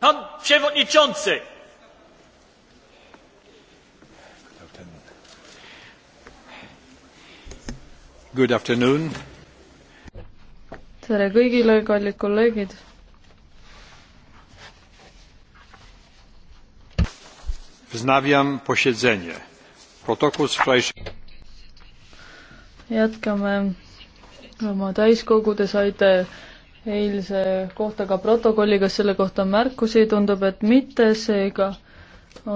Pan przewodniczący! Good afternoon. tere kõigile, kallid kolleegid. Wznawiam posiedzenie. Protokół z wczorajszego. Jätkame oma täiskogu, te saite eilse kohta ka protokolli, kas selle kohta on märkusi, tundub, et mitte, seega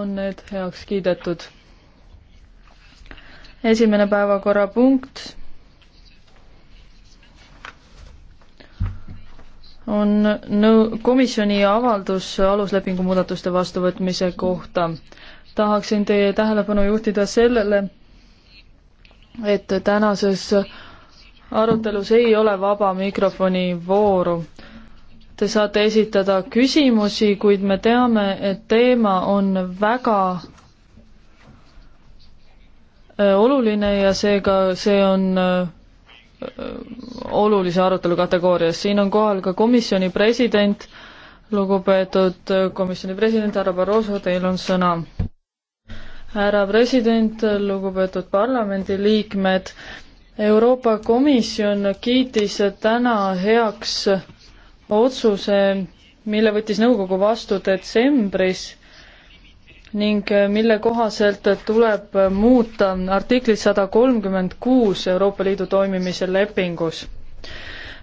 on need heaks kiidetud. esimene päevakorrapunkt on nõu-, komisjoni avaldus aluslepingu muudatuste vastuvõtmise kohta. tahaksin teie tähelepanu juhtida sellele, et tänases arutelus ei ole vaba mikrofoni vooru. Te saate esitada küsimusi, kuid me teame, et teema on väga äh, oluline ja seega see on äh, äh, olulise arutelu kategoorias. siin on kohal ka komisjoni president, lugupeetud komisjoni president härra Barroso, teil on sõna. härra president, lugupeetud parlamendiliikmed, Euroopa Komisjon kiitis täna heaks otsuse, mille võttis nõukogu vastu detsembris ning mille kohaselt tuleb muuta artiklit sada kolmkümmend kuus Euroopa Liidu toimimise lepingus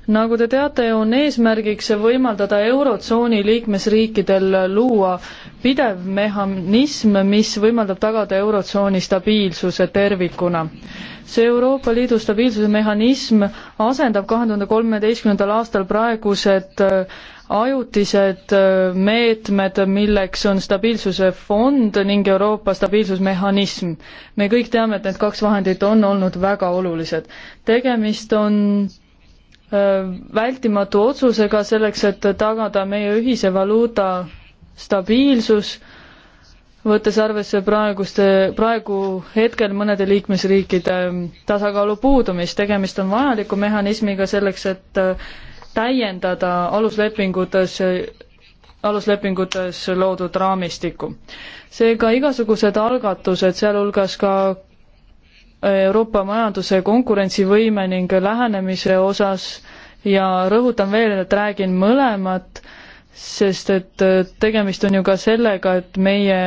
nagu te teate, on eesmärgiks võimaldada Eurotsooni liikmesriikidel luua pidev mehhanism, mis võimaldab tagada Eurotsooni stabiilsuse tervikuna. see Euroopa Liidu stabiilsuse mehhanism asendab kahe tuhande kolmeteistkümnendal aastal praegused äh, ajutised äh, meetmed, milleks on stabiilsuse fond ning Euroopa stabiilsusmehhanism. me kõik teame, et need kaks vahendit on olnud väga olulised. tegemist on Äh, vältimatu otsusega selleks, et tagada meie ühise valuuta stabiilsus, võttes arvesse praeguste, praegu hetkel mõnede liikmesriikide ähm, tasakaalu puudumist, tegemist on vajaliku mehhanismiga selleks, et äh, täiendada aluslepingutes aluslepingutes loodud raamistikku. seega igasugused algatused, sealhulgas ka Euroopa majanduse konkurentsivõime ning lähenemise osas ja rõhutan veel, et räägin mõlemat, sest et äh, tegemist on ju ka sellega, et meie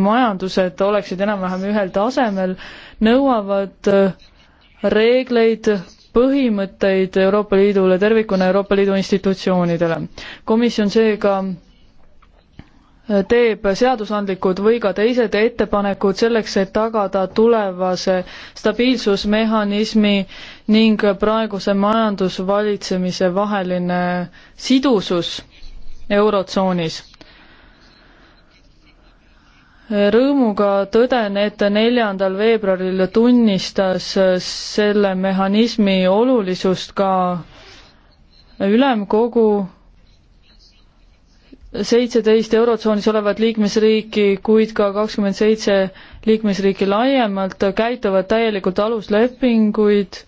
majandused oleksid enam-vähem ühel tasemel, nõuavad äh, reegleid, põhimõtteid Euroopa Liidule tervikuna, Euroopa Liidu institutsioonidele. komisjon seega teeb seadusandlikud või ka teised ettepanekud selleks, et tagada tulevase stabiilsusmehhanismi ning praeguse majandusvalitsemise vaheline sidusus Eurotsoonis. rõõmuga tõden, et neljandal veebruaril tunnistas selle mehhanismi olulisust ka ülemkogu seitseteist Eurotsoonis olevat liikmesriiki, kuid ka kakskümmend seitse liikmesriiki laiemalt käituvad täielikult aluslepinguid,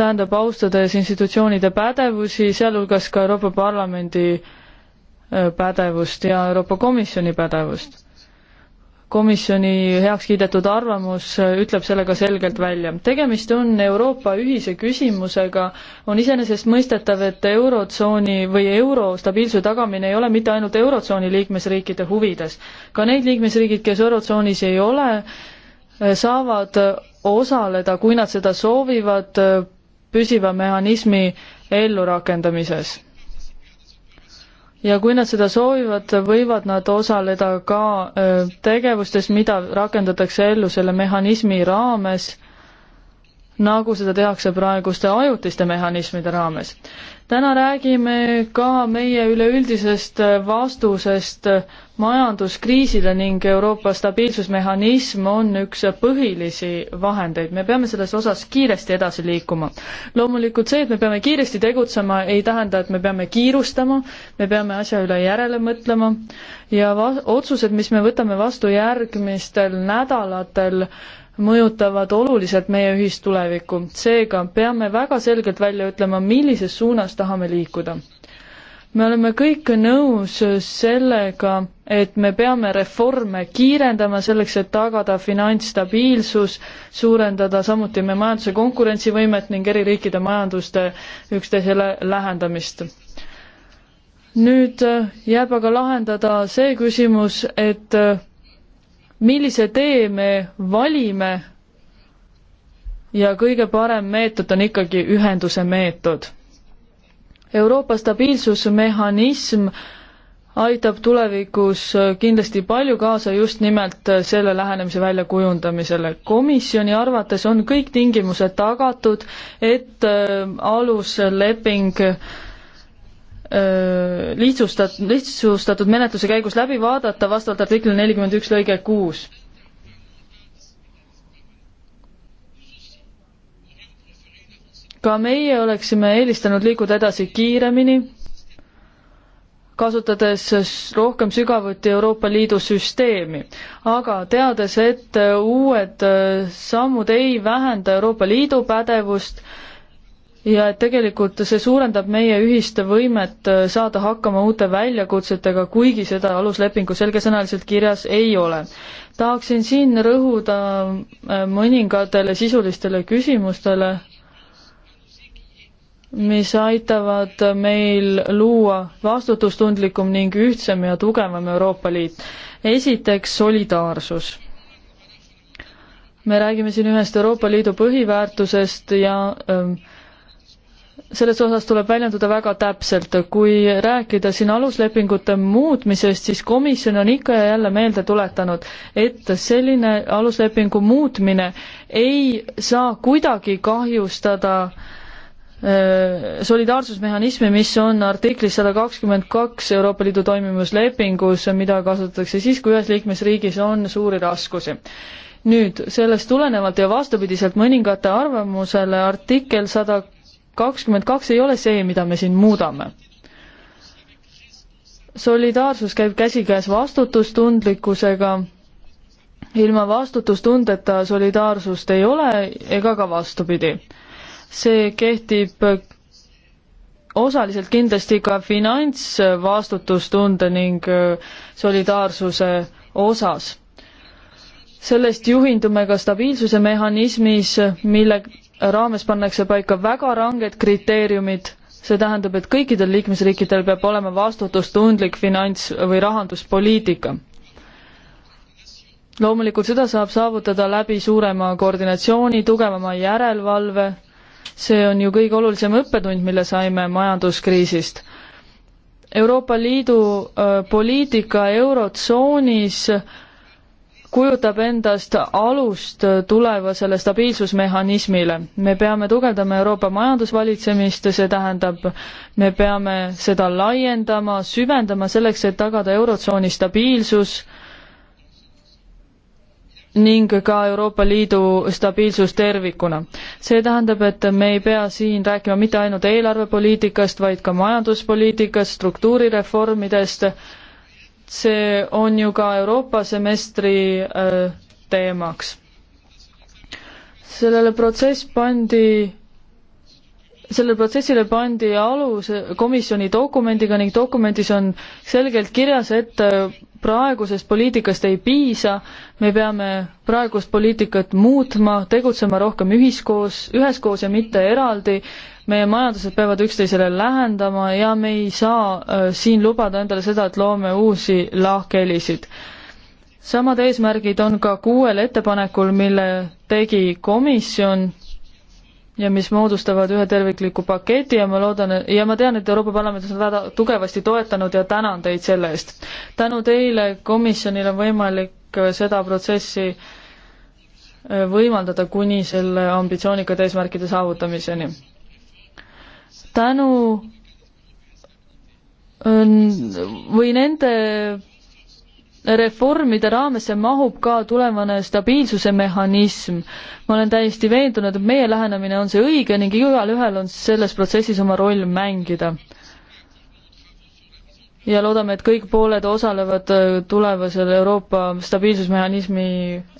tähendab, austades institutsioonide pädevusi, sealhulgas ka Euroopa Parlamendi äh, pädevust ja Euroopa Komisjoni pädevust komisjoni heaks kiidetud arvamus ütleb selle ka selgelt välja. tegemist on Euroopa ühise küsimusega, on iseenesestmõistetav, et Eurotsooni või euro stabiilsuse tagamine ei ole mitte ainult Eurotsooni liikmesriikide huvides. ka need liikmesriigid, kes Eurotsoonis ei ole, saavad osaleda, kui nad seda soovivad, püsiva mehhanismi ellurakendamises ja kui nad seda soovivad, võivad nad osaleda ka äh, tegevustes, mida rakendatakse ellu selle mehhanismi raames nagu seda tehakse praeguste ajutiste mehhanismide raames. täna räägime ka meie üleüldisest vastusest majanduskriisile ning Euroopa stabiilsusmehhanism on üks põhilisi vahendeid, me peame selles osas kiiresti edasi liikuma. loomulikult see, et me peame kiiresti tegutsema, ei tähenda, et me peame kiirustama, me peame asja üle järele mõtlema ja otsused, mis me võtame vastu järgmistel nädalatel, mõjutavad oluliselt meie ühist tulevikku. seega peame väga selgelt välja ütlema, millises suunas tahame liikuda. me oleme kõik nõus sellega, et me peame reforme kiirendama selleks, et tagada finantsstabiilsus, suurendada samuti meie majanduse konkurentsivõimet ning eri riikide majanduste üksteisele lähendamist nüüd jääb aga lahendada see küsimus, et millise tee me valime ja kõige parem meetod on ikkagi ühenduse meetod. Euroopa stabiilsusmehhanism aitab tulevikus kindlasti palju kaasa just nimelt selle lähenemise väljakujundamisele. komisjoni arvates on kõik tingimused tagatud, et äh, alusleping äh, lihtsustat-, lihtsustatud menetluse käigus läbi vaadata vastavalt artiklile nelikümmend üks lõige kuus. ka meie oleksime eelistanud liikuda edasi kiiremini, kasutades rohkem sügavuti Euroopa Liidu süsteemi. aga teades, et uued sammud ei vähenda Euroopa Liidu pädevust, ja et tegelikult see suurendab meie ühist võimet äh, saada hakkama uute väljakutsetega, kuigi seda aluslepingu selgesõnaliselt kirjas ei ole. tahaksin siin rõhuda äh, mõningatele sisulistele küsimustele, mis aitavad meil luua vastutustundlikum ning ühtsem ja tugevam Euroopa Liit. esiteks solidaarsus me räägime siin ühest Euroopa Liidu põhiväärtusest ja ähm, selles osas tuleb väljenduda väga täpselt, kui rääkida siin aluslepingute muutmisest, siis komisjon on ikka ja jälle meelde tuletanud, et selline aluslepingu muutmine ei saa kuidagi kahjustada solidaarsusmehhanismi, mis on artiklis sada kakskümmend kaks Euroopa Liidu toimimislepingus, mida kasutatakse siis, kui ühes liikmesriigis on suuri raskusi nüüd sellest tulenevalt ja vastupidiselt mõningate arvamusele artikkel sada kakskümmend kaks ei ole see, mida me siin muudame. solidaarsus käib käsikäes vastutustundlikkusega, ilma vastutustundeta solidaarsust ei ole ega ka vastupidi. see kehtib osaliselt kindlasti ka finantsvastutustunde ning äh, solidaarsuse osas sellest juhindume ka stabiilsuse mehhanismis, mille raames pannakse paika väga ranged kriteeriumid, see tähendab, et kõikidel liikmesriikidel peab olema vastutustundlik finants- või rahanduspoliitika. loomulikult seda saab saavutada läbi suurema koordinatsiooni, tugevama järelevalve, see on ju kõige olulisem õppetund, mille saime majanduskriisist Euroopa Liidu äh, poliitika Eurotsoonis kujutab endast alust tulevasele stabiilsusmehhanismile. me peame tugevdama Euroopa majandusvalitsemist, see tähendab, me peame seda laiendama, süvendama selleks, et tagada Eurotsooni stabiilsus ning ka Euroopa Liidu stabiilsus tervikuna. see tähendab, et me ei pea siin rääkima mitte ainult eelarvepoliitikast, vaid ka majanduspoliitikast, struktuurireformidest, see on ju ka Euroopa semestri äh, teemaks. sellele protsess pandi sellele protsessile pandi alus komisjoni dokumendiga ning dokumendis on selgelt kirjas, et äh, praegusest poliitikast ei piisa, me peame praegust poliitikat muutma, tegutsema rohkem ühiskoos, üheskoos ja mitte eraldi, meie majandused peavad üksteisele lähendama ja me ei saa äh, siin lubada endale seda, et loome uusi lahkhelisid. samad eesmärgid on ka kuuel ettepanekul, mille tegi komisjon ja mis moodustavad ühe tervikliku paketi ja ma loodan, ja ma tean, et Euroopa Parlament on väga tugevasti toetanud ja tänan teid selle eest. tänu teile komisjonil on võimalik äh, seda protsessi äh, võimaldada kuni selle ambitsioonikate eesmärkide saavutamiseni tänu äh, või nende reformide raamesse mahub ka tulevane stabiilsuse mehhanism. ma olen täiesti veendunud, et meie lähenemine on see õige ning igalühel on selles protsessis oma roll mängida. ja loodame, et kõik pooled osalevad äh, tulevasel Euroopa stabiilsusmehhanismi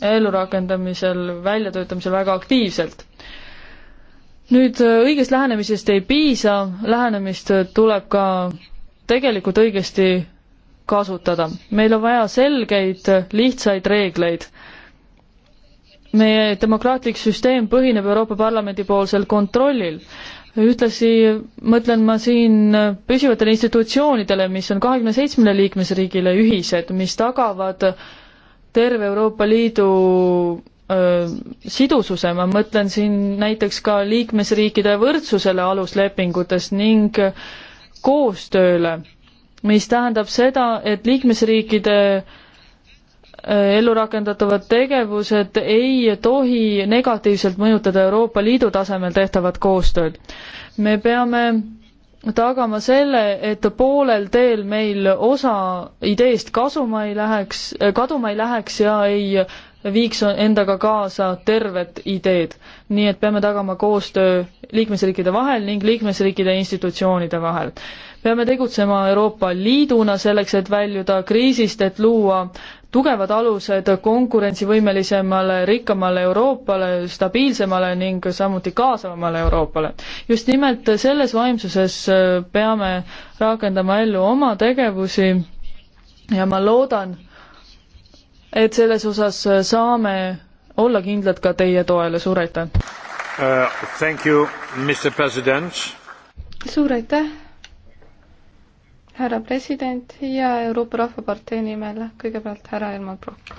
ellurakendamisel, väljatöötamisel väga aktiivselt nüüd äh, õigest lähenemisest ei piisa, lähenemist äh, tuleb ka tegelikult õigesti kasutada. meil on vaja selgeid, äh, lihtsaid reegleid. meie demokraatlik süsteem põhineb Euroopa Parlamendi poolsel kontrollil. ühtlasi mõtlen ma siin püsivatele institutsioonidele, mis on kahekümne seitsmele liikmesriigile ühised, mis tagavad terve Euroopa Liidu sidususe, ma mõtlen siin näiteks ka liikmesriikide võrdsusele aluslepingutes ning koostööle, mis tähendab seda, et liikmesriikide ellurakendatavad tegevused ei tohi negatiivselt mõjutada Euroopa Liidu tasemel tehtavat koostööd. me peame tagama selle, et poolel teel meil osa ideest kasuma ei läheks, kaduma ei läheks ja ei äh, viiks endaga kaasa terved ideed. nii et peame tagama koostöö liikmesriikide vahel ning liikmesriikide institutsioonide vahel. peame tegutsema Euroopa Liiduna selleks, et väljuda kriisist, et luua tugevad alused konkurentsivõimelisemale, rikkamale Euroopale, stabiilsemale ning samuti kaasavamale Euroopale. just nimelt selles vaimsuses äh, peame rakendama ellu oma tegevusi ja ma loodan, et selles osas äh, saame olla kindlad ka teie toele, suur aitäh uh,! suur aitäh, härra president ja Euroopa Rahvapartei nimel kõigepealt härra Elmar Brokk.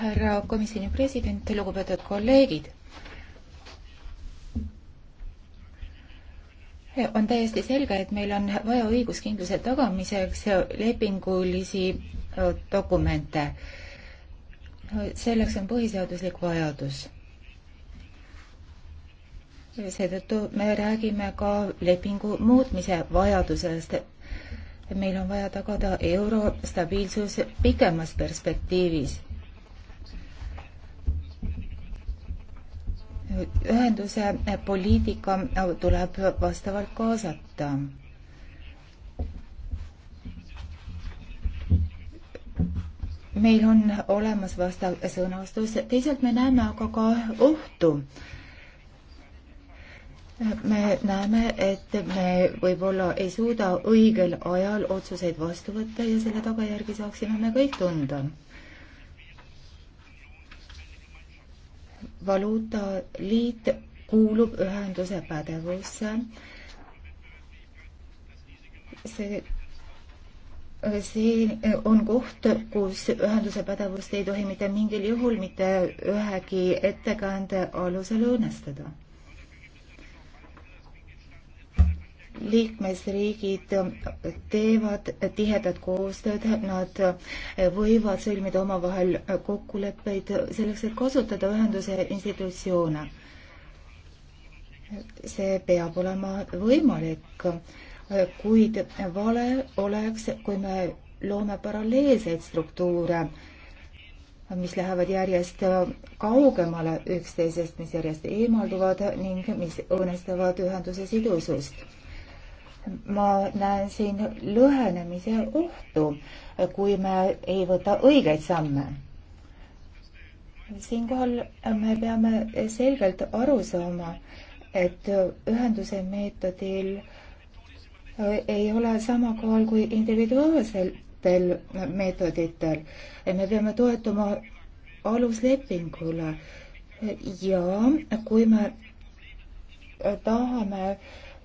härra komisjoni president, lugupeetud kolleegid on täiesti selge, et meil on vaja õiguskindluse tagamiseks lepingulisi dokumente. selleks on põhiseaduslik vajadus. seetõttu me räägime ka lepingu muutmise vajadusest. meil on vaja tagada euro stabiilsus pikemas perspektiivis ühenduse poliitika tuleb vastavalt kaasata. meil on olemas vastav sõnastus, teisalt me näeme aga ka ohtu. me näeme, et me võib-olla ei suuda õigel ajal otsuseid vastu võtta ja selle tagajärgi saaksime me kõik tunda valuutaliit kuulub ühenduse pädevusse. see, see on koht, kus ühenduse pädevust ei tohi mitte mingil juhul mitte ühegi ettekande alusel õõnestada liikmesriigid teevad tihedat koostööd, nad võivad sõlmida omavahel kokkuleppeid selleks, et kasutada ühenduse institutsioone. see peab olema võimalik, kuid vale oleks, kui me loome paralleelseid struktuure, mis lähevad järjest kaugemale üksteisest, mis järjest eemalduvad ning mis õõnestavad ühenduse sidusust ma näen siin lõhenemise ohtu, kui me ei võta õigeid samme. siinkohal me peame selgelt aru saama, et ühenduse meetodil ei ole sama kaal kui individuaalsetel meetoditel. me peame toetuma aluslepingule ja kui me tahame äh,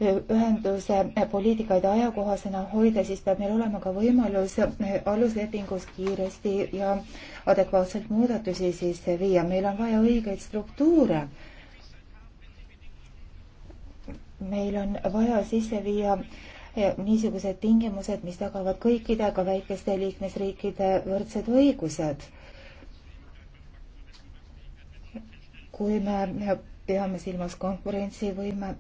ühenduse poliitikaid ajakohasena hoida, siis peab meil olema ka võimalus aluslepingus kiiresti ja adekvaatselt muudatusi sisse viia. meil on vaja õigeid struktuure. meil on vaja sisse viia niisugused tingimused, mis tagavad kõikide, ka väikeste liikmesriikide võrdsed õigused. kui me peame silmas konkurentsivõime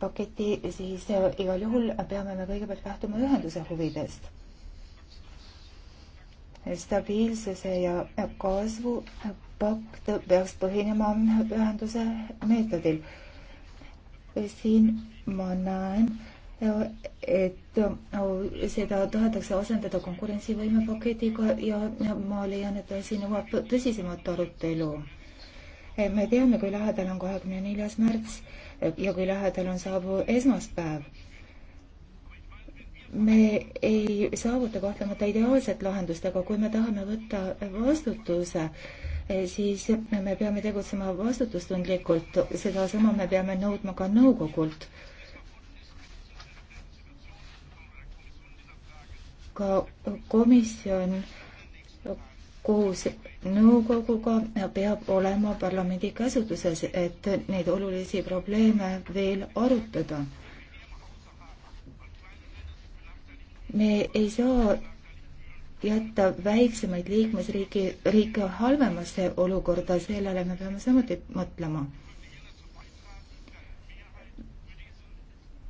paketi, siis äh, igal juhul peame me kõigepealt lähtuma ühenduse huvidest. stabiilsuse ja kasvu pakt peaks põhinema ühenduse meetodil. siin ma näen, et seda tahetakse asendada konkurentsivõime paketiga ja ma leian, et asi nõuab tõsisemat arutelu. me teame, kui lähedal on kahekümne neljas märts ja kui lähedal on saabuv esmaspäev. me ei saavuta kahtlemata ideaalset lahendust, aga kui me tahame võtta vastutuse, eh, siis me peame tegutsema vastutustundlikult, sedasama me peame nõudma ka nõukogult ka komisjon koos nõukoguga peab olema parlamendi käsutuses, et neid olulisi probleeme veel arutada. me ei saa jätta väiksemaid liikmesriigi, riike halvemasse olukorda, sellele me peame samuti mõtlema.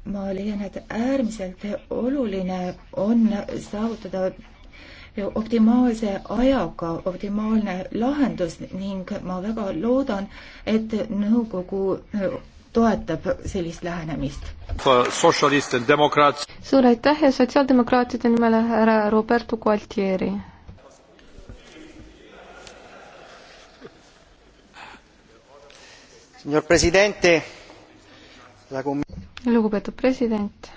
ma leian, et äärmiselt oluline on saavutada optimaalse ajaga optimaalne lahendus ning ma väga loodan, et nõukogu äh, toetab sellist lähenemist. suur aitäh ja sotsiaaldemokraatide nimel härra Roberto Gualtieri. lugupeetud president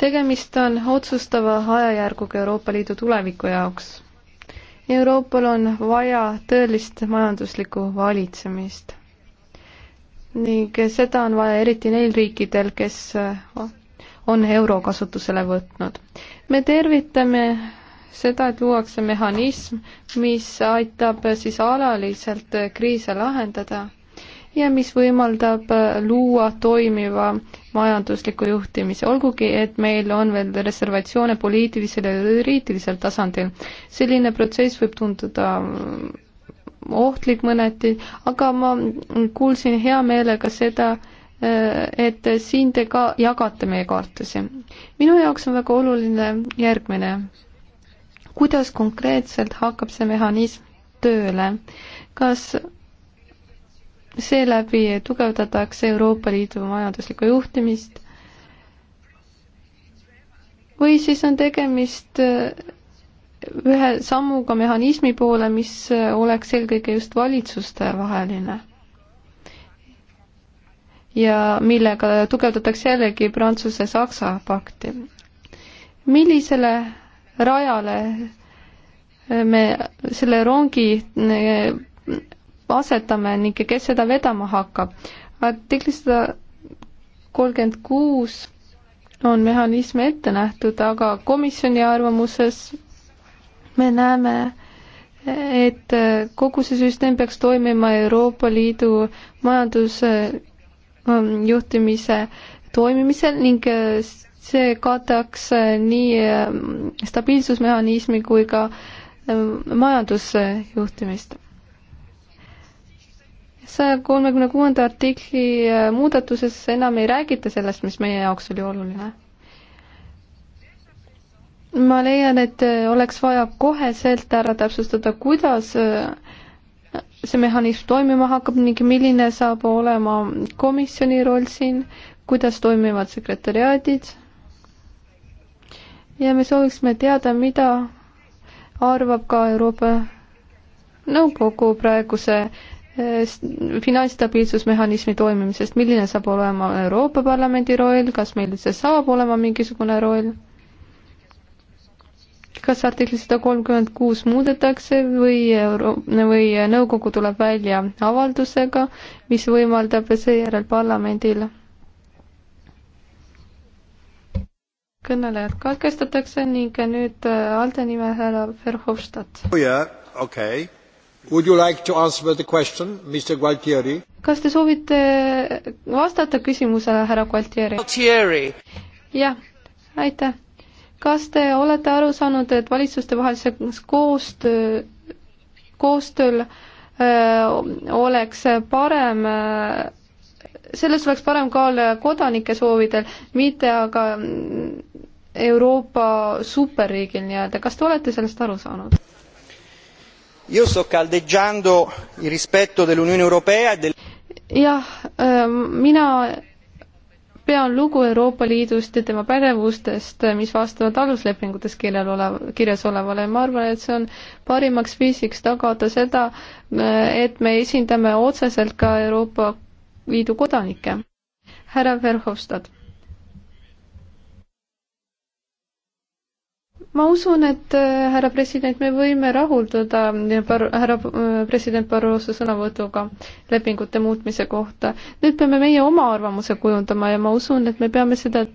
tegemist on otsustava ajajärguga Euroopa Liidu tuleviku jaoks. Euroopal on vaja tõelist majanduslikku valitsemist ning seda on vaja eriti neil riikidel, kes on euro kasutusele võtnud. me tervitame seda, et luuakse mehhanism, mis aitab siis alaliselt kriise lahendada ja mis võimaldab luua toimiva majandusliku juhtimise, olgugi et meil on veel reservatsioone poliitilisel ja juriidilisel tasandil. selline protsess võib tunduda ohtlik mõneti, aga ma kuulsin hea meelega seda, et siin te ka jagate meie kaartusi. minu jaoks on väga oluline järgmine. kuidas konkreetselt hakkab see mehhanism tööle? kas seeläbi tugevdatakse Euroopa Liidu majanduslikku juhtimist või siis on tegemist äh, ühe sammuga mehhanismi poole, mis äh, oleks eelkõige just valitsuste vaheline. ja millega tugevdatakse jällegi Prantsuse-Saksa pakti. millisele rajale äh, me selle rongi asetame ning kes seda vedama hakkab. artikli sada kolmkümmend kuus on mehhanism ette nähtud, aga komisjoni arvamuses me näeme, et kogu see süsteem peaks toimima Euroopa Liidu majandusjuhtimise ähm, toimimisel ning äh, see kataks äh, nii ähm, stabiilsusmehhanismi kui ka ähm, majandusjuhtimist saja kolmekümne kuuenda artikli äh, muudatuses enam ei räägita sellest, mis meie jaoks oli oluline. ma leian, et äh, oleks vaja koheselt ära täpsustada, kuidas äh, see mehhanism toimima hakkab ning milline saab olema komisjoni roll siin, kuidas toimivad sekretäriaadid ja me sooviksime teada, mida arvab ka Euroopa Nõukogu praeguse finantsstabiilsusmehhanismi toimimisest, milline saab olema Euroopa Parlamendi roll, kas meil see saab olema mingisugune roll? kas artikli sada kolmkümmend kuus muudetakse või Euro-, või nõukogu tuleb välja avaldusega, mis võimaldab seejärel parlamendil kõnelejad katkestatakse ning nüüd Alde nimel härra Verhofstadt. Oh okei Would you like to answer the question, Mr Gualtieri? kas te soovite vastata küsimusele, härra Gualtieri? Gualtieri. jah, aitäh. kas te olete aru saanud, et valitsustevahelises koostöö, koostööl öö, äh, oleks parem öö, äh, selles oleks parem kaal kodanike soovidel, mitte aga Euroopa superriigil nii-öelda, kas te olete sellest aru saanud? io sto caldeggiando il rispetto dell'unione europea e del jah ehm, mina pean lugu Euroopa Liidust ja tema pädevustest, mis vastavad aluslepingutes kirjal olev, kirjas olevale. ma arvan, et see on parimaks viisiks tagada seda, eh, et me esindame otseselt ka Euroopa Liidu kodanikke. härra Verhofstadt. ma usun, et äh, härra president, me võime rahulduda äh, härra äh, president Barroso sõnavõtuga lepingute muutmise kohta. nüüd peame meie oma arvamuse kujundama ja ma usun, et me peame seda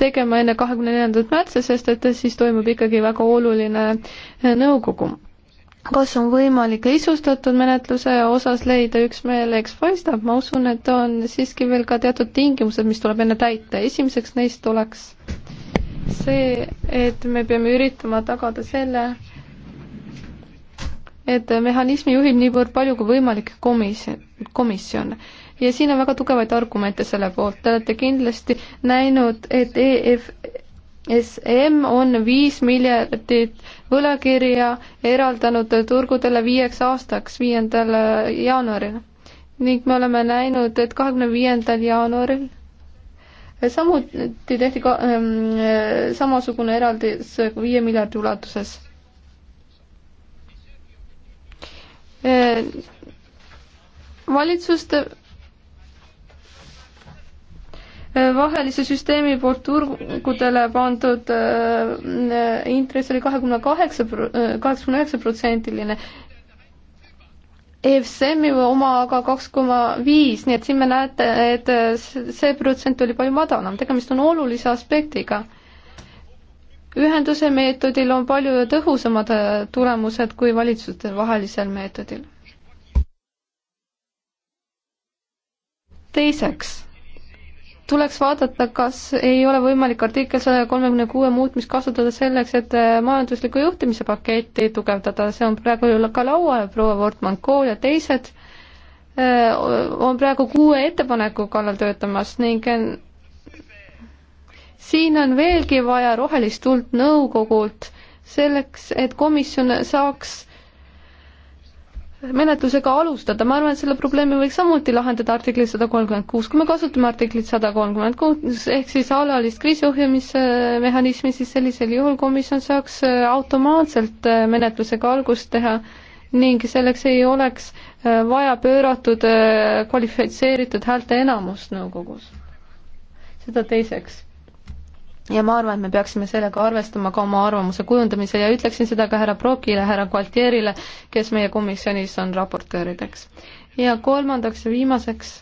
tegema enne kahekümne neljandat märtsi, sest et siis toimub ikkagi väga oluline nõukogu. kas on võimalik lihtsustatud menetluse osas leida üksmeel, eks paistab, ma usun, et on siiski veel ka teatud tingimused, mis tuleb enne täita, esimeseks neist oleks see, et me peame üritama tagada selle, et mehhanismi juhib niivõrd palju kui võimalik komisjon, komisjon. ja siin on väga tugevaid argumente selle poolt, te olete kindlasti näinud, et EFSM on viis miljardit võlakirja eraldanud turgudele viieks aastaks, viiendal jaanuaril. ning me oleme näinud, et kahekümne viiendal jaanuaril samuti tehti ka ähm, samasugune eraldis viie miljardi ulatuses äh,. valitsuste äh, vahelise süsteemi poolt turgudele pandud äh, intress oli kahekümne kaheksa, äh, kaheksakümne üheksa protsendiline EFSM-i oma aga kaks koma viis, nii et siin me näete, et see protsent oli palju madalam, tegemist on olulise aspektiga. ühenduse meetodil on palju tõhusamad tulemused kui valitsustevahelisel meetodil. teiseks tuleks vaadata, kas ei ole võimalik artikkel saja kolmekümne kuue muutmist kasutada selleks, et äh, majandusliku juhtimise paketti tugevdada, see on praegu ju ka laua ja proua Wortmann Kool ja teised äh, on praegu kuue ettepaneku kallal töötamas ning äh, siin on veelgi vaja rohelist tuld nõukogult selleks, et komisjon saaks menetlusega alustada, ma arvan, et selle probleemi võiks samuti lahendada artiklis sada kolmkümmend kuus, kui me kasutame artiklit sada kolmkümmend kuus, ehk siis alalist kriisiohjamismehhanismi, siis sellisel juhul komisjon saaks automaatselt menetlusega algust teha ning selleks ei oleks vaja pööratud kvalifitseeritud häälteenamust nõukogus. seda teiseks ja ma arvan, et me peaksime sellega arvestama ka oma arvamuse kujundamisel ja ütleksin seda ka härra Prokile, härra Gualtierile, kes meie komisjonis on raportöörideks. ja kolmandaks ja viimaseks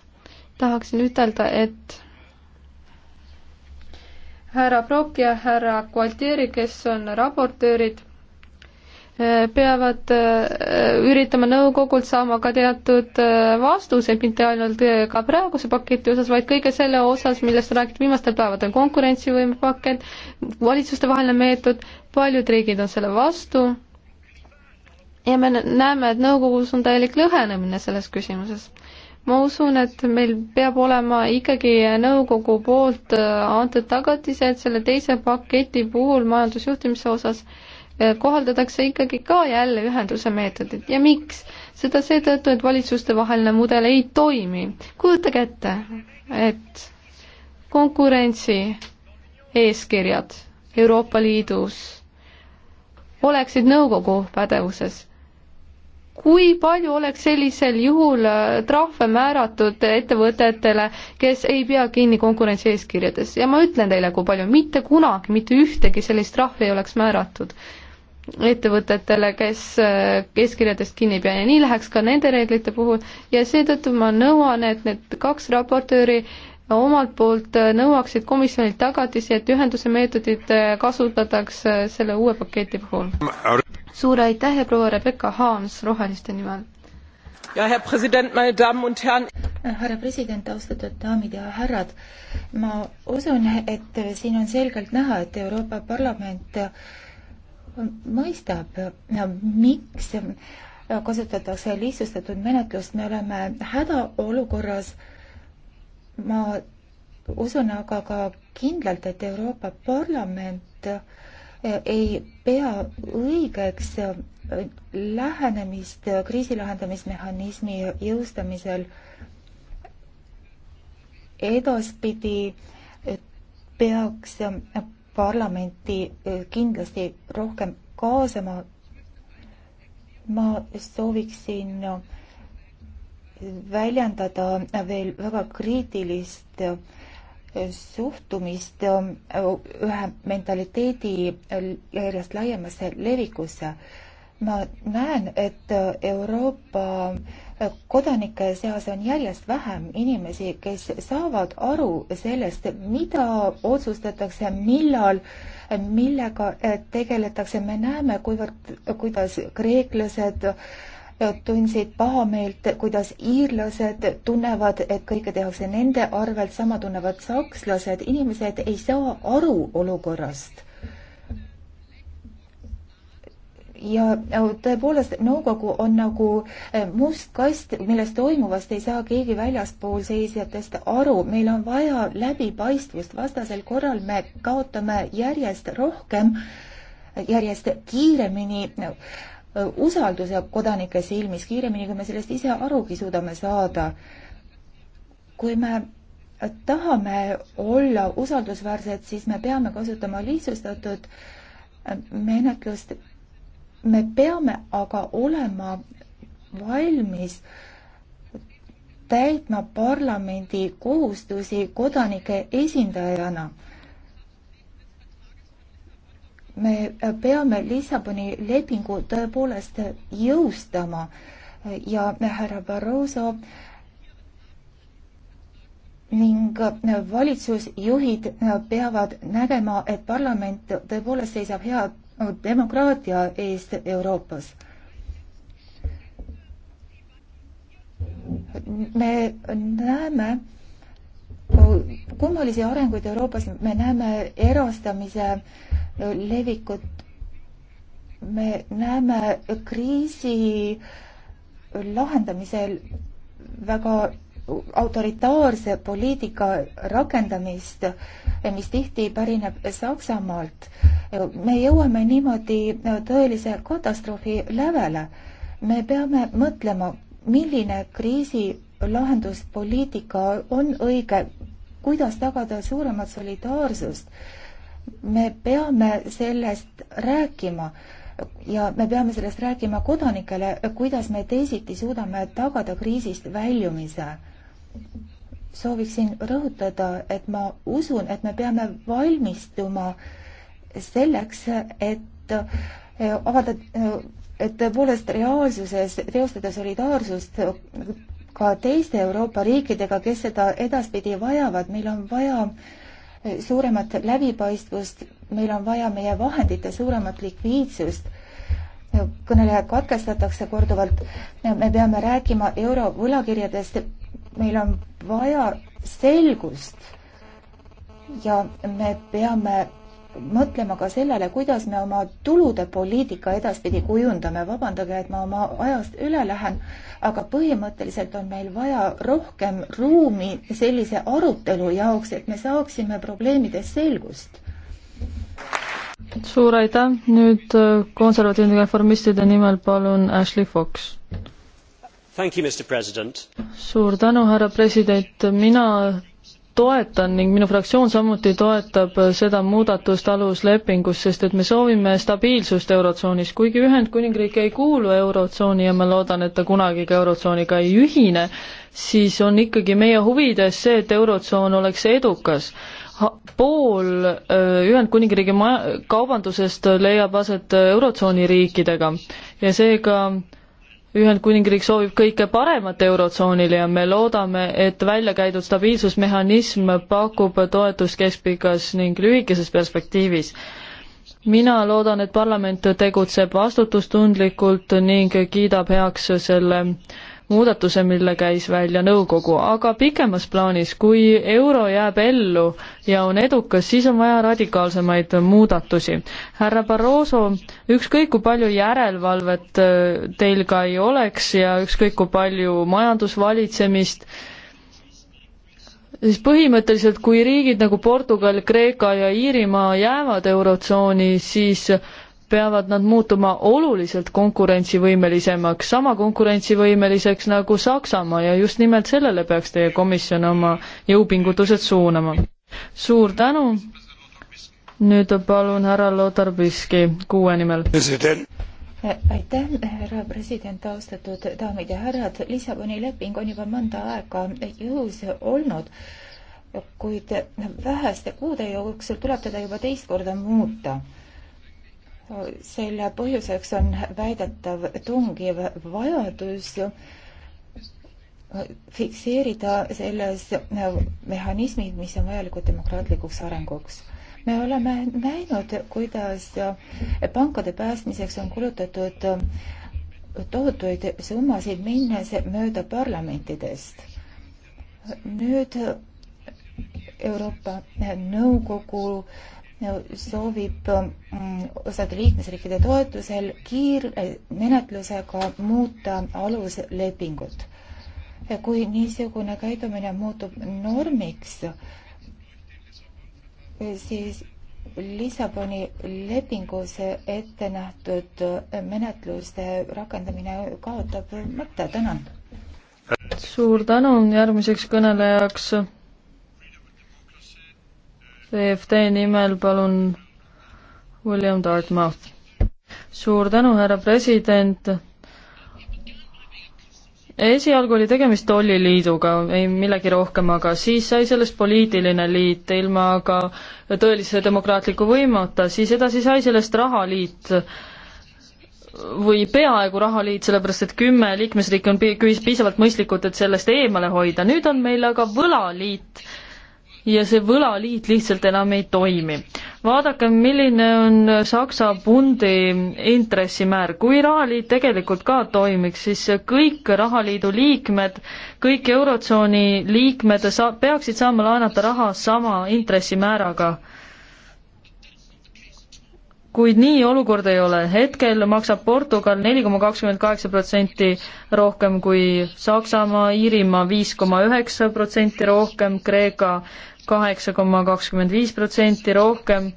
tahaksin ütelda, et härra Prok ja härra Gualtieri, kes on raportöörid Äh, peavad äh, üritama nõukogult saama ka teatud äh, vastuseid, mitte ainult ka praeguse paketi osas, vaid kõige selle osas, millest on räägitud viimastel päevadel, konkurentsivõime pakett, valitsustevaheline meetod, paljud riigid on selle vastu ja me näeme, et nõukogus on täielik lõhenemine selles küsimuses. ma usun, et meil peab olema ikkagi nõukogu poolt antud tagatised selle teise paketi puhul majandusjuhtimise osas, Äh, kohaldatakse ikkagi ka jälle ühenduse meetodit ja miks? seda seetõttu, et valitsustevaheline mudel ei toimi. kujutage ette, et konkurentsi eeskirjad Euroopa Liidus oleksid nõukogu pädevuses. kui palju oleks sellisel juhul äh, trahve määratud ettevõtetele, kes ei pea kinni konkurentsi eeskirjades ja ma ütlen teile, kui palju, mitte kunagi mitte ühtegi sellist trahvi ei oleks määratud ettevõtetele, kes eeskirjadest kinni ei pea ja nii läheks ka nende reeglite puhul ja seetõttu ma nõuan, et need kaks raportööri omalt poolt nõuaksid komisjonilt tagatisi, et ühenduse meetodit kasutataks selle uue paketi puhul. suur aitäh ja proua Rebecca Haans Roheliste nimel. ja härra president, meine damen und herren. härra president, austatud daamid ja härrad, ma usun, et siin on selgelt näha, et Euroopa Parlament mõistab, miks kasutatakse lihtsustatud menetlust, me oleme hädaolukorras. ma usun aga ka kindlalt, et Euroopa Parlament ei pea õigeks lähenemist kriisi lahendamismehhanismi jõustamisel edaspidi peaks parlamenti äh, kindlasti rohkem kaasama. ma sooviksin äh, väljendada äh, veel väga kriitilist suhtumist ühe mentaliteedi järjest laiemasse levikusse ma näen, et äh, Euroopa äh, kodanike seas on järjest vähem inimesi, kes saavad aru sellest, mida otsustatakse, millal, millega äh, tegeletakse. me näeme, kuivõrd, kuidas kreeklased tundsid pahameelt, kuidas iirlased tunnevad, et kõike tehakse nende arvelt, sama tunnevad sakslased. inimesed ei saa aru olukorrast ja äh, tõepoolest, nõukogu on nagu äh, must kast, millest toimuvast ei saa keegi väljaspool seisjatest aru. meil on vaja läbipaistvust, vastasel korral me kaotame järjest rohkem, järjest kiiremini no, äh, usalduse kodanike silmis, kiiremini kui me sellest ise arugi suudame saada. kui me tahame olla usaldusväärsed, siis me peame kasutama lihtsustatud menetlust me peame aga olema valmis täitma parlamendi kohustusi kodanike esindajana. me peame Lissaboni lepingu tõepoolest jõustama ja härra Barroso ning valitsusjuhid peavad nägema, et parlament tõepoolest seisab head demokraatia eest Euroopas. me näeme kummalisi arenguid Euroopas, me näeme erastamise levikut, me näeme kriisi lahendamisel väga autoritaarse poliitika rakendamist, mis tihti pärineb Saksamaalt. me jõuame niimoodi tõelise katastroofi lävele. me peame mõtlema, milline kriisi lahenduspoliitika on õige, kuidas tagada suuremat solidaarsust. me peame sellest rääkima ja me peame sellest rääkima kodanikele, kuidas me teisiti suudame tagada kriisist väljumise sooviksin rõhutada, et ma usun, et me peame valmistuma selleks, et eh, avada, eh, et tõepoolest reaalsuses teostada solidaarsust ka teiste Euroopa riikidega, kes seda edaspidi vajavad, meil on vaja eh, suuremat läbipaistvust, meil on vaja meie vahendite suuremat likviidsust kõneleja katkestatakse korduvalt. me peame rääkima euro võlakirjadest meil on vaja selgust ja me peame mõtlema ka sellele, kuidas me oma tulude poliitika edaspidi kujundame. vabandage, et ma oma ajast üle lähen, aga põhimõtteliselt on meil vaja rohkem ruumi sellise arutelu jaoks, et me saaksime probleemides selgust. suur aitäh, nüüd äh, konservatiivide reformistide nimel palun Ashley Fox suur tänu, härra president, mina toetan ning minu fraktsioon samuti toetab seda muudatust aluslepingus, sest et me soovime stabiilsust Eurotsoonis, kuigi Ühendkuningriik ei kuulu Eurotsooni ja ma loodan, et ta kunagi ka Eurotsooniga ei ühine, siis on ikkagi meie huvides see, et Eurotsoon oleks edukas pool äh, Ühendkuningriigi ma-, kaubandusest leiab aset Eurotsooni riikidega ja seega ka Ühendkuningriik soovib kõike paremat Eurotsoonile ja me loodame, et välja käidud stabiilsusmehhanism pakub toetust keskpikas ning lühikeses perspektiivis. mina loodan, et parlament tegutseb vastutustundlikult ning kiidab heaks selle äh, muudatuse, mille käis välja nõukogu, aga pikemas plaanis, kui euro jääb ellu ja on edukas, siis on vaja radikaalsemaid muudatusi. härra Barroso, ükskõik kui palju järelevalvet äh, teil ka ei oleks ja ükskõik kui palju majandusvalitsemist, siis põhimõtteliselt, kui riigid nagu Portugal, Kreeka ja Iirimaa jäävad Eurotsooni, siis peavad nad muutuma oluliselt konkurentsivõimelisemaks, sama konkurentsivõimeliseks nagu Saksamaa ja just nimelt sellele peaks teie komisjon oma jõupingutused suunama. suur tänu, nüüd palun härra Lotar Biski kuue nimel. aitäh, härra president, austatud daamid ja härrad, Lissaboni leping on juba mõnda aega jõus olnud kuid väheste kuude jooksul tuleb teda juba teist korda muuta selle põhjuseks on väidetav tungiv vajadus fikseerida selles mehhanismid, mis on vajalikud demokraatlikuks arenguks. me oleme näinud, kuidas pankade päästmiseks on kulutatud tohutuid summasid, minnes mööda parlamentidest. nüüd Euroopa Nõukogu soovib ähm, osade liikmesriikide toetusel kiirmenetlusega äh, muuta aluslepingut. kui niisugune käitumine muutub normiks, siis Lissaboni lepingus ette nähtud menetluste rakendamine kaotab mõtte. tänan. suur tänu, järgmiseks kõnelejaks EFT nimel palun William Dartmouth. suur tänu, härra president. esialgu oli tegemist tolliliiduga, ei millegi rohkem, aga siis sai sellest poliitiline liit ilma ka tõelise demokraatliku võimata, siis edasi sai sellest rahaliit või peaaegu rahaliit, sellepärast et kümme liikmesriiki on piisavalt mõistlikud, et sellest eemale hoida. nüüd on meil aga võlaliit ja see võlaliit lihtsalt enam ei toimi. vaadake, milline on Saksa pundi intressimäär. kui rahaliit tegelikult ka toimiks, siis kõik rahaliidu liikmed, kõik Eurotsooni liikmed sa-, peaksid saama laenata raha sama intressimääraga. kuid nii olukord ei ole. hetkel maksab Portugal neli koma kakskümmend kaheksa protsenti rohkem kui Saksamaa, Iirimaa viis koma üheksa protsenti rohkem, Kreeka kaheksa koma kakskümmend viis protsenti rohkem.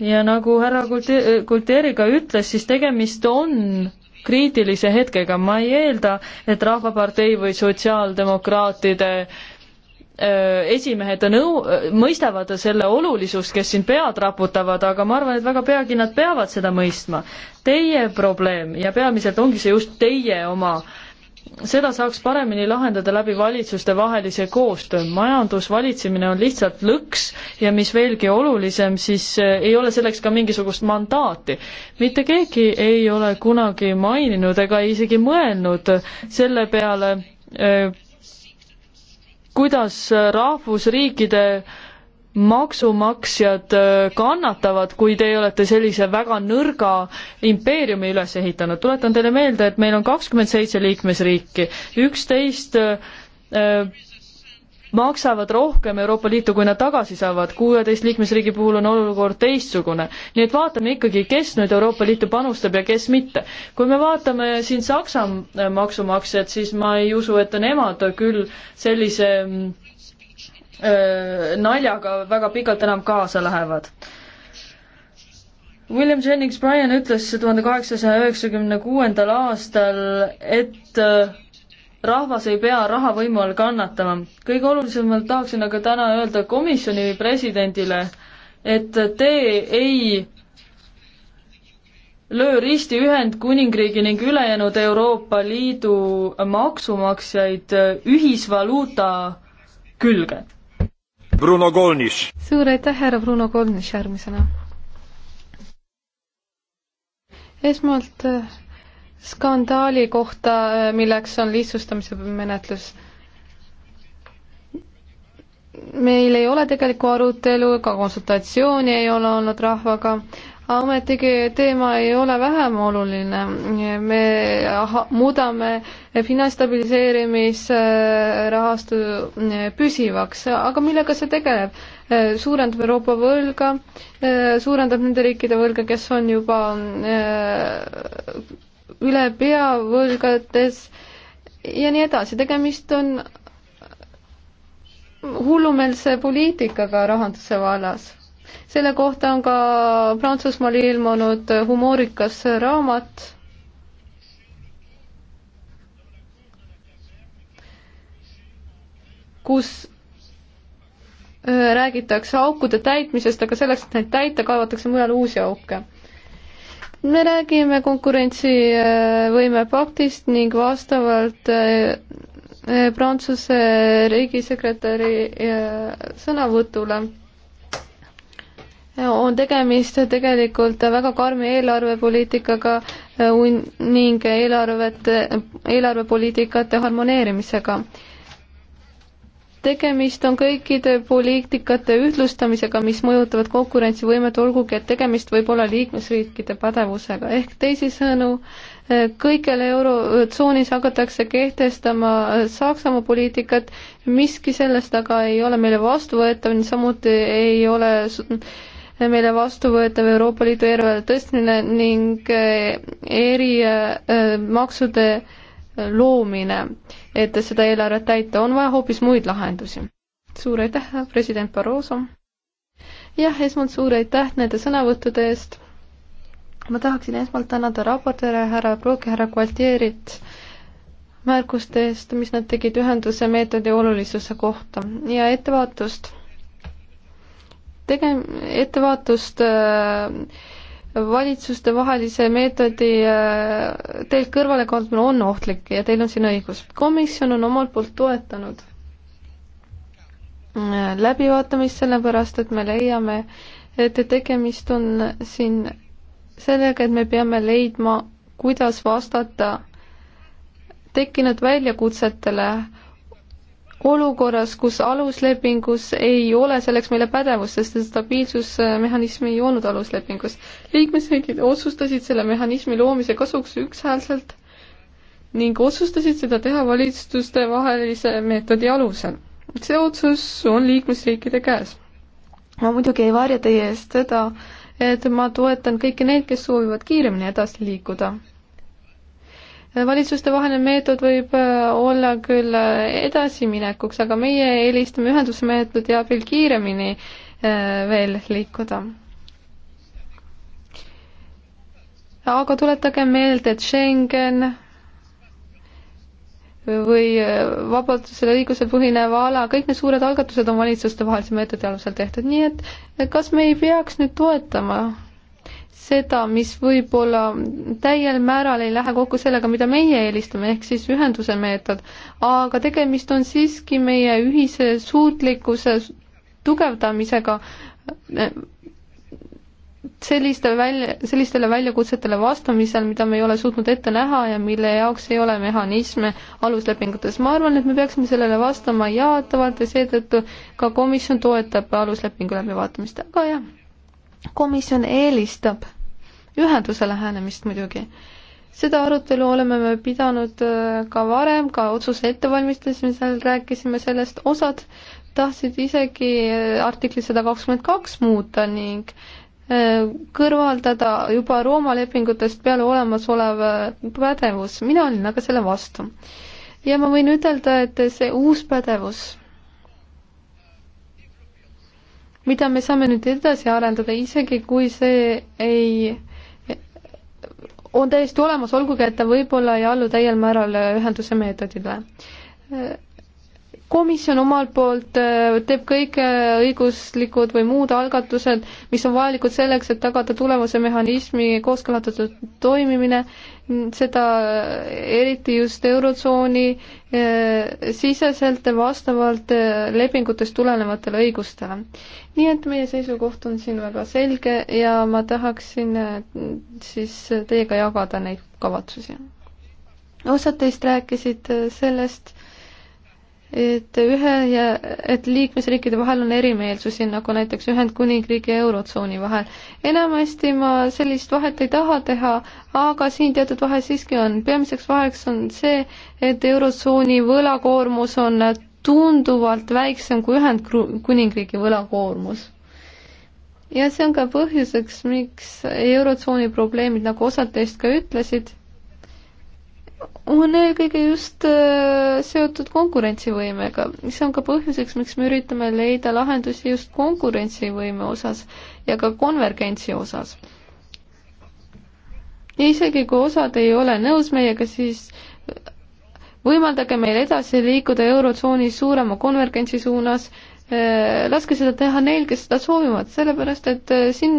ja nagu härra Kulti-, Kulteri ka ütles, siis tegemist on kriitilise hetkega, ma ei eelda, et Rahvapartei või sotsiaaldemokraatide esimehed nõu-, mõistavad selle olulisust, kes siin pead raputavad, aga ma arvan, et väga peagi nad peavad seda mõistma. Teie probleem ja peamiselt ongi see just teie oma äh, seda saaks paremini lahendada läbi valitsuste vahelise koostöö. majandusvalitsemine on lihtsalt lõks ja mis veelgi olulisem, siis eh, ei ole selleks ka mingisugust mandaati. mitte keegi ei ole kunagi maininud ega isegi mõelnud selle peale, eh, kuidas rahvusriikide maksumaksjad äh, kannatavad, kui teie olete sellise väga nõrga impeeriumi üles ehitanud. tuletan teile meelde, et meil on kakskümmend seitse liikmesriiki, üksteist äh, äh, maksavad rohkem Euroopa Liitu, kui nad tagasi saavad, kuueteist liikmesriigi puhul on olukord teistsugune. nii et vaatame ikkagi, kes nüüd Euroopa Liitu panustab ja kes mitte. kui me vaatame siin Saksa maksumaksjat, siis ma ei usu, et nemad küll sellise mm, naljaga väga pikalt enam kaasa lähevad. William Jennings Bryan ütles tuhande kaheksasaja üheksakümne kuuendal aastal, et rahvas ei pea raha võimu all kannatama. kõige olulisemalt tahaksin aga täna öelda komisjoni presidendile, et te ei löö risti Ühendkuningriigi ning ülejäänud Euroopa Liidu maksumaksjaid ühisvaluuta külge Bruno Golnis. suur aitäh, härra Bruno Golnis järgmisena. esmalt äh, skandaali kohta, äh, milleks on lihtsustamise menetlus meil ei ole tegelikku arutelu, ka konsultatsiooni ei ole olnud rahvaga ometigi teema ei ole vähem oluline. me muudame finantsstabiliseerimisrahastu eh, püsivaks, aga millega see tegeleb? Eh, suurendab Euroopa võlga, eh, suurendab nende riikide võlga, kes on juba üle pea võlgades ja nii edasi, tegemist on hullumeelse poliitikaga rahanduse vallas selle kohta on ka Prantsusmaal ilmunud humoorikas raamat. kus äh, räägitakse aukude täitmisest, aga selleks, et neid täita, kaevatakse mujal uusi auke. me räägime konkurentsivõime paktist ning vastavalt äh, äh, Prantsuse riigisekretäri sõnavõtule on tegemist tegelikult väga karmi eelarvepoliitikaga äh, ning eelarvet, eelarvepoliitikate harmoneerimisega. tegemist on kõikide poliitikate ühtlustamisega, mis mõjutavad konkurentsivõimet, olgugi et tegemist võib olla liikmesriikide pädevusega, ehk teisisõnu, äh, kõikjal eurotsoonis hakatakse kehtestama äh, Saksamaa poliitikat, miski sellest aga ei ole meile vastuvõetav, samuti ei ole meile vastuvõetav Euroopa Liidu eelarve tõstmine ning eh, erimaksude eh, eh, loomine, et seda eelarvet täita, on vaja hoopis muid lahendusi. suur aitäh, president Barroso! jah, esmalt suur aitäh nende sõnavõttude eest. ma tahaksin esmalt tänada raportööre härra Pruuk ja härra Gualtierit märkuste eest, mis nad tegid ühenduse meetodi olulisuse kohta ja ettevaatust tege-, ettevaatust äh, valitsuste vahelise meetodi äh, teilt kõrvalekaldmine on ohtlik ja teil on siin õigus. komisjon on omalt poolt toetanud äh, läbivaatamist, sellepärast et me leiame, et tegemist on siin sellega, et me peame leidma, kuidas vastata tekkinud väljakutsetele olukorras, kus aluslepingus ei ole selleks meile pädevust, sest stabiilsusmehhanism ei olnud aluslepingus. liikmesriigid otsustasid selle mehhanismi loomise kasuks ükshäälselt ning otsustasid seda teha valitsuste vahelise meetodi alusel. see otsus on liikmesriikide käes. ma muidugi ei varja teie eest seda, et ma toetan kõiki neid, kes soovivad kiiremini edasi liikuda valitsustevaheline meetod võib äh, olla küll äh, edasiminekuks, aga meie eelistame ühendusmeetod ja abil kiiremini äh, veel liikuda. aga tuletage meelde, et Schengen või vabadusele õigusel põhinev ala, kõik need suured algatused on valitsustevahelise meetodi alusel tehtud, nii et kas me ei peaks nüüd toetama seda, mis võib-olla täiel määral ei lähe kokku sellega, mida meie eelistame, ehk siis ühenduse meetod, aga tegemist on siiski meie ühise suutlikkuse tugevdamisega eh, selliste välja, sellistele väljakutsetele vastamisel, mida me ei ole suutnud ette näha ja mille jaoks ei ole mehhanisme aluslepingutes. ma arvan, et me peaksime sellele vastama jaatavalt ja seetõttu ka komisjon toetab aluslepingu läbivaatamist, aga jah komisjon eelistab ühenduse lähenemist muidugi. seda arutelu oleme me pidanud äh, ka varem, ka otsuse ettevalmistamisel rääkisime sellest, osad tahtsid isegi äh, artikli sada kakskümmend kaks muuta ning äh, kõrvaldada juba Rooma lepingutest peale olemasolev pädevus, mina olin aga selle vastu. ja ma võin ütelda, et see uus pädevus mida me saame nüüd edasi arendada, isegi kui see ei on täiesti olemas, olgugi et ta võib-olla ei allu täiel määral ühenduse meetodile komisjon omalt poolt äh, teeb kõik äh, õiguslikud või muud algatused, mis on vajalikud selleks, et tagada tulemuse mehhanismi kooskõlastatud toimimine, seda äh, eriti just Eurotsooni siseselt vastavalt lepingutest tulenevatele õigustele. nii et meie seisukoht on siin väga selge ja ma tahaksin siis teiega jagada neid kavatsusi. osad teist rääkisid sellest, et ühe ja, et liikmesriikide vahel on erimeelsusi, nagu näiteks Ühendkuningriigi ja Eurotsooni vahel. enamasti ma sellist vahet ei taha teha, aga siin teatud vahe siiski on. peamiseks vaheks on see, et Eurotsooni võlakoormus on tunduvalt väiksem kui Ühendkuningriigi võlakoormus. ja see on ka põhjuseks, miks Eurotsooni probleemid, nagu osad teist ka ütlesid on eelkõige just äh, seotud konkurentsivõimega, mis on ka põhjuseks, miks me üritame leida lahendusi just konkurentsivõime osas ja ka konvergentsi osas. ja isegi kui osad ei ole nõus meiega, siis võimaldage meil edasi liikuda Eurotsoonis suurema konvergentsi suunas Äh, laske seda teha neil, kes seda soovivad, sellepärast et äh, siin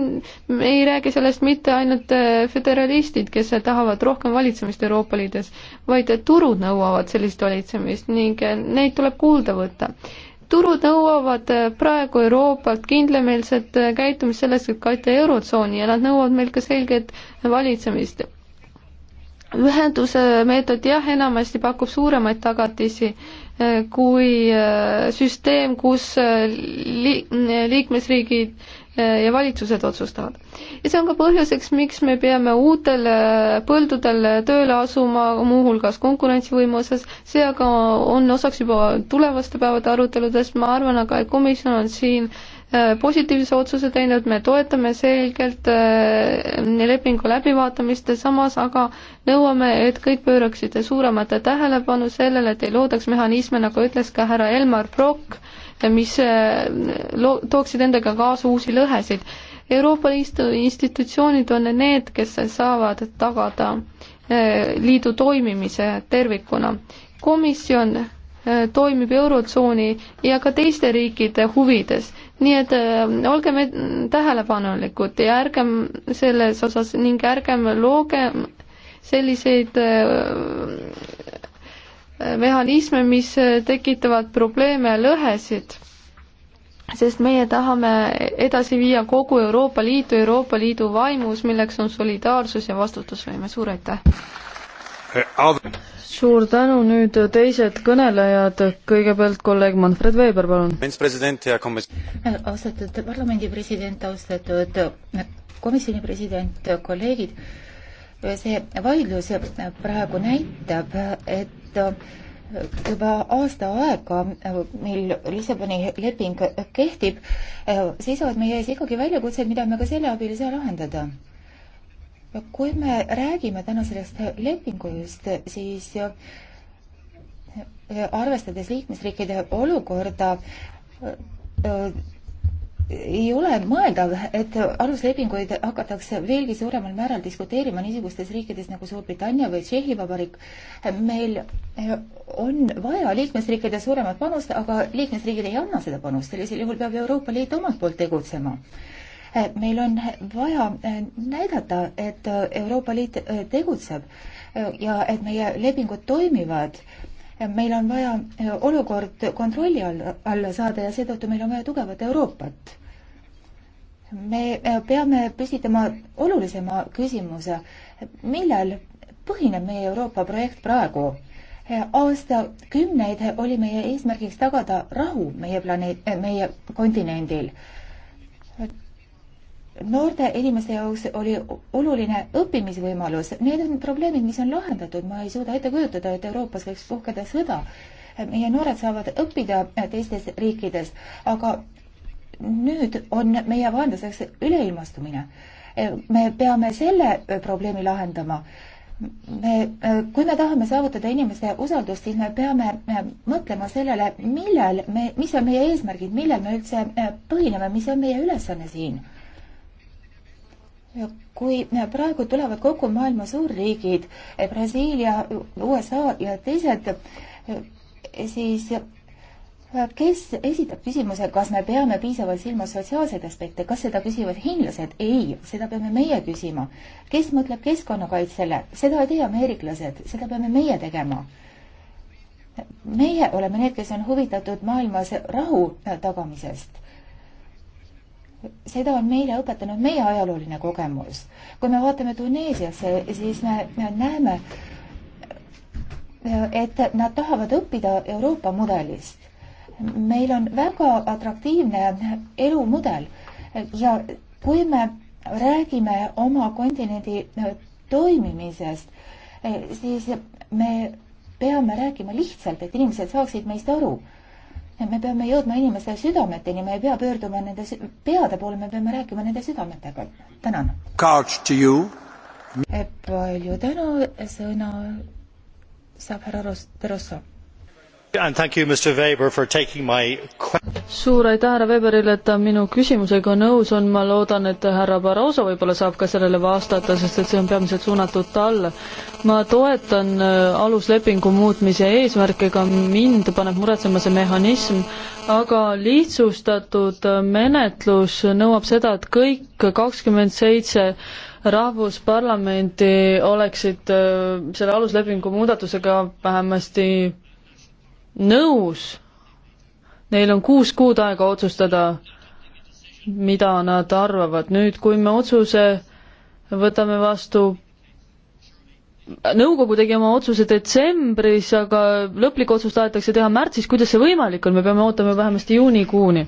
ei räägi sellest mitte ainult äh, föderalistid, kes tahavad rohkem valitsemist Euroopa Liidus, vaid turud nõuavad sellist valitsemist ning neid tuleb kuulda võtta. turud nõuavad praegu Euroopalt kindlameelset käitumist selleks, et kaitsta Eurotsooni ja nad nõuavad meilt ka selget valitsemist ühenduse meetod jah, enamasti pakub suuremaid tagatisi eh, kui eh, süsteem, kus eh, li-, liikmesriigid ja valitsused otsustavad. ja see on ka põhjuseks, miks me peame uutel põldudel tööle asuma, muuhulgas konkurentsivõime osas, see aga on osaks juba tulevaste päevade aruteludest, ma arvan aga, et komisjon on siin äh, Äh, positiivse otsuse teinud, me toetame selgelt äh, lepingu läbivaatamist, samas aga nõuame, et kõik pööraksid suuremat tähelepanu sellele, et ei loodaks mehhanisme, nagu ütles ka härra Elmar Brok, mis äh, lo-, tooksid endaga kaasa uusi lõhesid. Euroopa Liidu institutsioonid on need, kes saavad tagada liidu toimimise tervikuna. komisjon Äh, toimib Eurotsooni ja ka teiste riikide huvides. nii et äh, olgem tähelepanelikud ja ärgem selles osas ning ärgem loogem selliseid äh, mehhanisme, mis tekitavad probleeme ja lõhesid, sest meie tahame edasi viia kogu Euroopa Liitu Euroopa Liidu vaimus, milleks on solidaarsus ja vastutusvõime. suur aitäh! suur tänu, nüüd teised kõnelejad, kõigepealt kolleeg Manfred Weber, palun. austatud parlamendi president, austatud komisjoni president, kolleegid, see vaidlus praegu näitab, et juba aasta aega, mil Lissaboni leping kehtib, seisavad meie ees ikkagi väljakutsed, mida me ka selle abil ei saa lahendada kui me räägime täna sellest lepingust, siis arvestades liikmesriikide olukorda, äh, äh, ei ole mõeldav, et aluslepinguid hakatakse veelgi suuremal määral diskuteerima niisugustes riikides nagu Suurbritannia või Tšehhi Vabariik. meil äh, on vaja liikmesriikide suuremat panust, aga liikmesriigid ei anna seda panust, sellisel juhul peab Euroopa Liit omalt poolt tegutsema Eh, meil on vaja eh, näidata, et eh, Euroopa Liit tegutseb ja et meie lepingud toimivad. meil on vaja olukord kontrolli alla, alla saada ja seetõttu meil on vaja tugevat Euroopat. me peame püstitama olulisema küsimuse, millel põhineb meie Euroopa projekt praegu aastakümneid oli meie eesmärgiks tagada rahu meie planeet, meie kontinendil noorte inimeste jaoks oli oluline õppimisvõimalus. Need on probleemid, mis on lahendatud, ma ei suuda ette kujutada, et Euroopas võiks puhkeda sõda. meie noored saavad õppida teistes riikides, aga nüüd on meie vaenlaseks üleilmastumine. me peame selle probleemi lahendama me, kui me tahame saavutada inimeste usaldust, siis me peame mõtlema sellele, millel me, mis on meie eesmärgid, millel me üldse põhineme, mis on meie ülesanne siin kui praegu tulevad kokku maailma suurriigid eh, Brasiilia, USA ja teised, eh, siis eh, kes esitab küsimuse, kas me peame piisavalt silmas sotsiaalseid aspekte, kas seda küsivad hiinlased? ei, seda peame meie küsima. kes mõtleb keskkonnakaitsele? seda ei tee ameeriklased, seda peame meie tegema. meie oleme need, kes on huvitatud maailmas rahu tagamisest seda on meile õpetanud meie ajalooline kogemus. kui me vaatame Tuneesiasse, siis me, me näeme, et nad tahavad õppida Euroopa mudelist. meil on väga atraktiivne elumudel ja kui me räägime oma kontinendi toimimisest, siis me peame rääkima lihtsalt, et inimesed saaksid meist aru me peame jõudma inimeste südameteni, me ei pea pöörduma nende peade poole, me peame rääkima nende südametega. tänan. Eh, palju tänu, sõna saab härra Rosso suur aitäh härra Weberile, et ta minu küsimusega nõus on, ma loodan, et härra Barroso võib-olla saab ka sellele vastata, sest et see on peamiselt suunatud talle. ma toetan äh, aluslepingu muutmise eesmärkega, mind paneb muretsema see mehhanism, aga lihtsustatud äh, menetlus nõuab seda, et kõik kakskümmend seitse rahvusparlamenti oleksid äh, selle aluslepingu muudatusega vähemasti nõus. Neil on kuus kuud aega otsustada, mida nad arvavad. nüüd, kui me otsuse võtame vastu nõukogu tegi oma otsuse detsembris, aga lõplik otsus tahetakse teha märtsis, kuidas see võimalik on, me peame ootama vähemasti juunikuuni.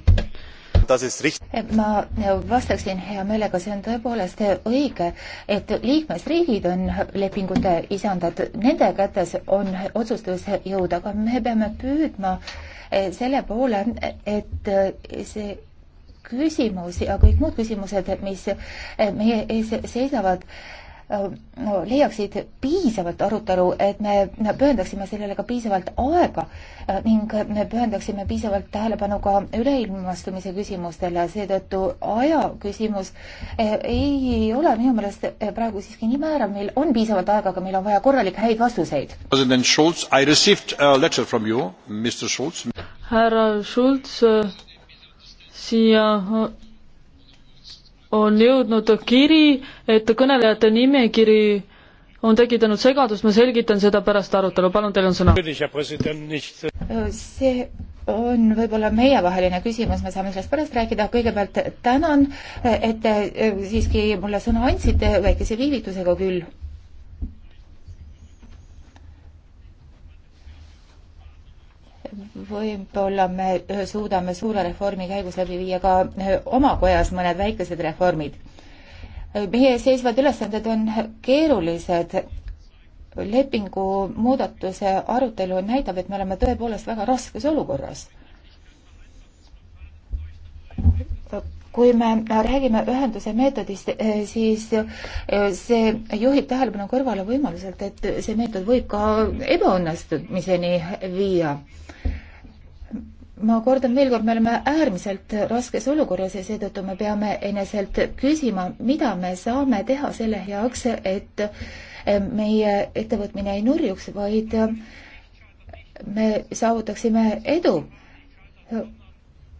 Eh, ma vastaksin hea meelega, see on tõepoolest õige, et liikmesriigid on lepingute isandad, nende kätes on otsustusjõud, aga me peame püüdma eh, selle poole, et eh, see küsimus ja kõik muud küsimused, mis meie ees seisavad, Äh, leiaksid piisavalt arutelu, et me pühendaksime sellele ka piisavalt aega äh, ning me pühendaksime piisavalt tähelepanu ka üleilmastumise küsimustele, seetõttu aja küsimus äh, ei ole minu meelest praegu siiski nii määrav, meil on piisavalt aega, aga meil on vaja korralikke häid vastuseid. president Schulz, I received a letter from you, Mr Schulz. härra Schulz, siia on jõudnud kiri, et kõnelejate nimekiri on tekitanud segadust, ma selgitan seda pärast arutelu, palun, teil on sõna. see on võib-olla meievaheline küsimus, me saame sellest pärast rääkida, kõigepealt tänan, et te äh, siiski mulle sõna andsite väikese viivitusega küll võib-olla me äh, suudame suure reformi käigus läbi viia ka äh, oma kojas mõned väikesed reformid. Äh, meie ees seisvad ülesanded on keerulised. lepingu muudatuse arutelu näitab, et me oleme tõepoolest väga raskes olukorras kui me räägime ühenduse meetodist, siis see juhib tähelepanu kõrvale võimaluselt, et see meetod võib ka ebaõnnestumiseni viia ma kordan veel kord, me oleme äärmiselt raskes olukorras ja seetõttu me peame eneselt küsima, mida me saame teha selle heaks, et eh, meie ettevõtmine ei nurjuks, vaid eh, me saavutaksime edu.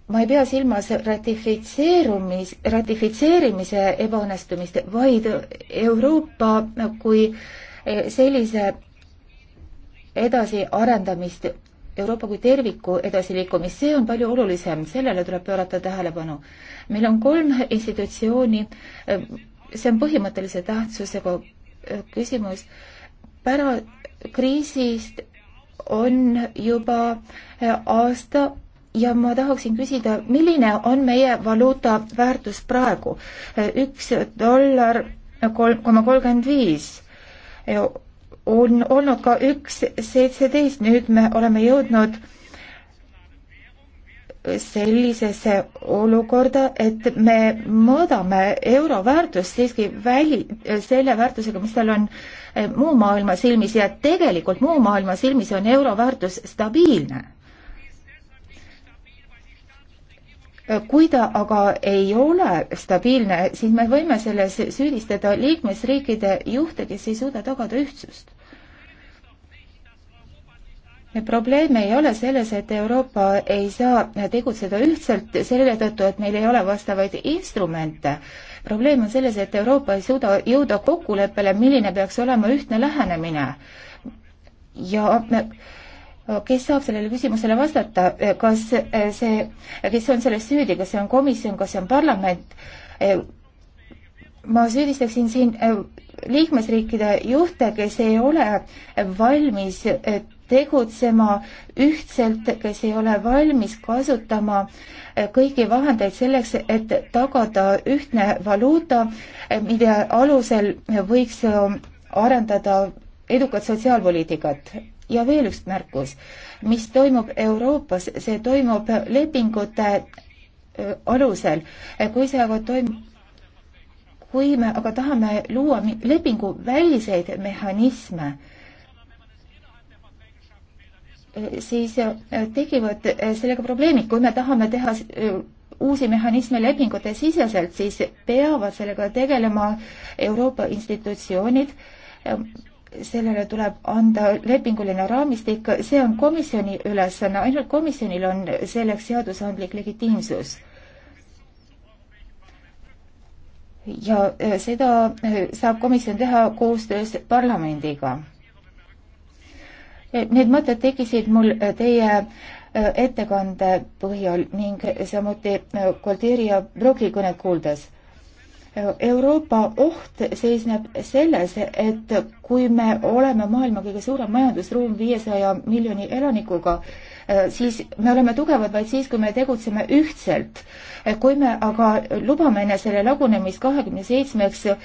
ma ei pea silmas ratifitseerumis, ratifitseerimise ebaõnnestumist, vaid Euroopa kui eh, sellise edasiarendamist Euroopa kui terviku edasiliikumist, see on palju olulisem, sellele tuleb pöörata tähelepanu. meil on kolm institutsiooni, see on põhimõttelise tähtsusega küsimus, pära-, kriisist on juba äh, aasta ja ma tahaksin küsida, milline on meie valuuta väärtus praegu? Äh, üks dollar kolm koma kolmkümmend viis on olnud ka üks seitseteist, nüüd me oleme jõudnud sellisesse olukorda, et me mõõdame euro väärtust siiski väli, selle väärtusega, mis tal on eh, muu maailma silmis ja tegelikult muu maailma silmis on euro väärtus stabiilne kui ta aga ei ole stabiilne, siis me võime selles süüdistada liikmesriikide juhte, kes ei suuda tagada ühtsust. probleem ei ole selles, et Euroopa ei saa tegutseda ühtselt selle tõttu, et meil ei ole vastavaid instrumente. probleem on selles, et Euroopa ei suuda jõuda kokkuleppele, milline peaks olema ühtne lähenemine. ja me, kes saab sellele küsimusele vastata, kas eh, see, kes on selles süüdi, kas see on komisjon, kas see on parlament? Eh, ma süüdistaksin siin eh, liikmesriikide juhte, kes ei ole valmis tegutsema ühtselt, kes ei ole valmis kasutama kõiki vahendeid selleks, et tagada ühtne valuuta, mille alusel võiks arendada edukat sotsiaalpoliitikat ja veel üks märkus, mis toimub Euroopas, see toimub lepingute äh, alusel, äh, kui see aga toimub kui me aga tahame luua lepingu väliseid mehhanisme, äh, siis tekivad sellega probleemid, kui me tahame teha uusi mehhanisme lepingute siseselt, siis peavad sellega tegelema Euroopa institutsioonid sellele tuleb anda lepinguline raamistik, see on komisjoni ülesanne, ainult komisjonil on selleks seadusandlik legitiimsus. ja e, seda e, saab komisjon teha koostöös parlamendiga. E, need mõtted tekkisid mul teie ettekande põhjal ning samuti Kolteeri ja Broki kõnet kuuldes Euroopa oht seisneb selles, et kui me oleme maailma kõige suurem majandusruum viiesaja miljoni elanikuga, äh, siis me oleme tugevad vaid siis, kui me tegutseme ühtselt. Äh, kui me aga lubame enne selle lagunemist kahekümne seitsmeks äh,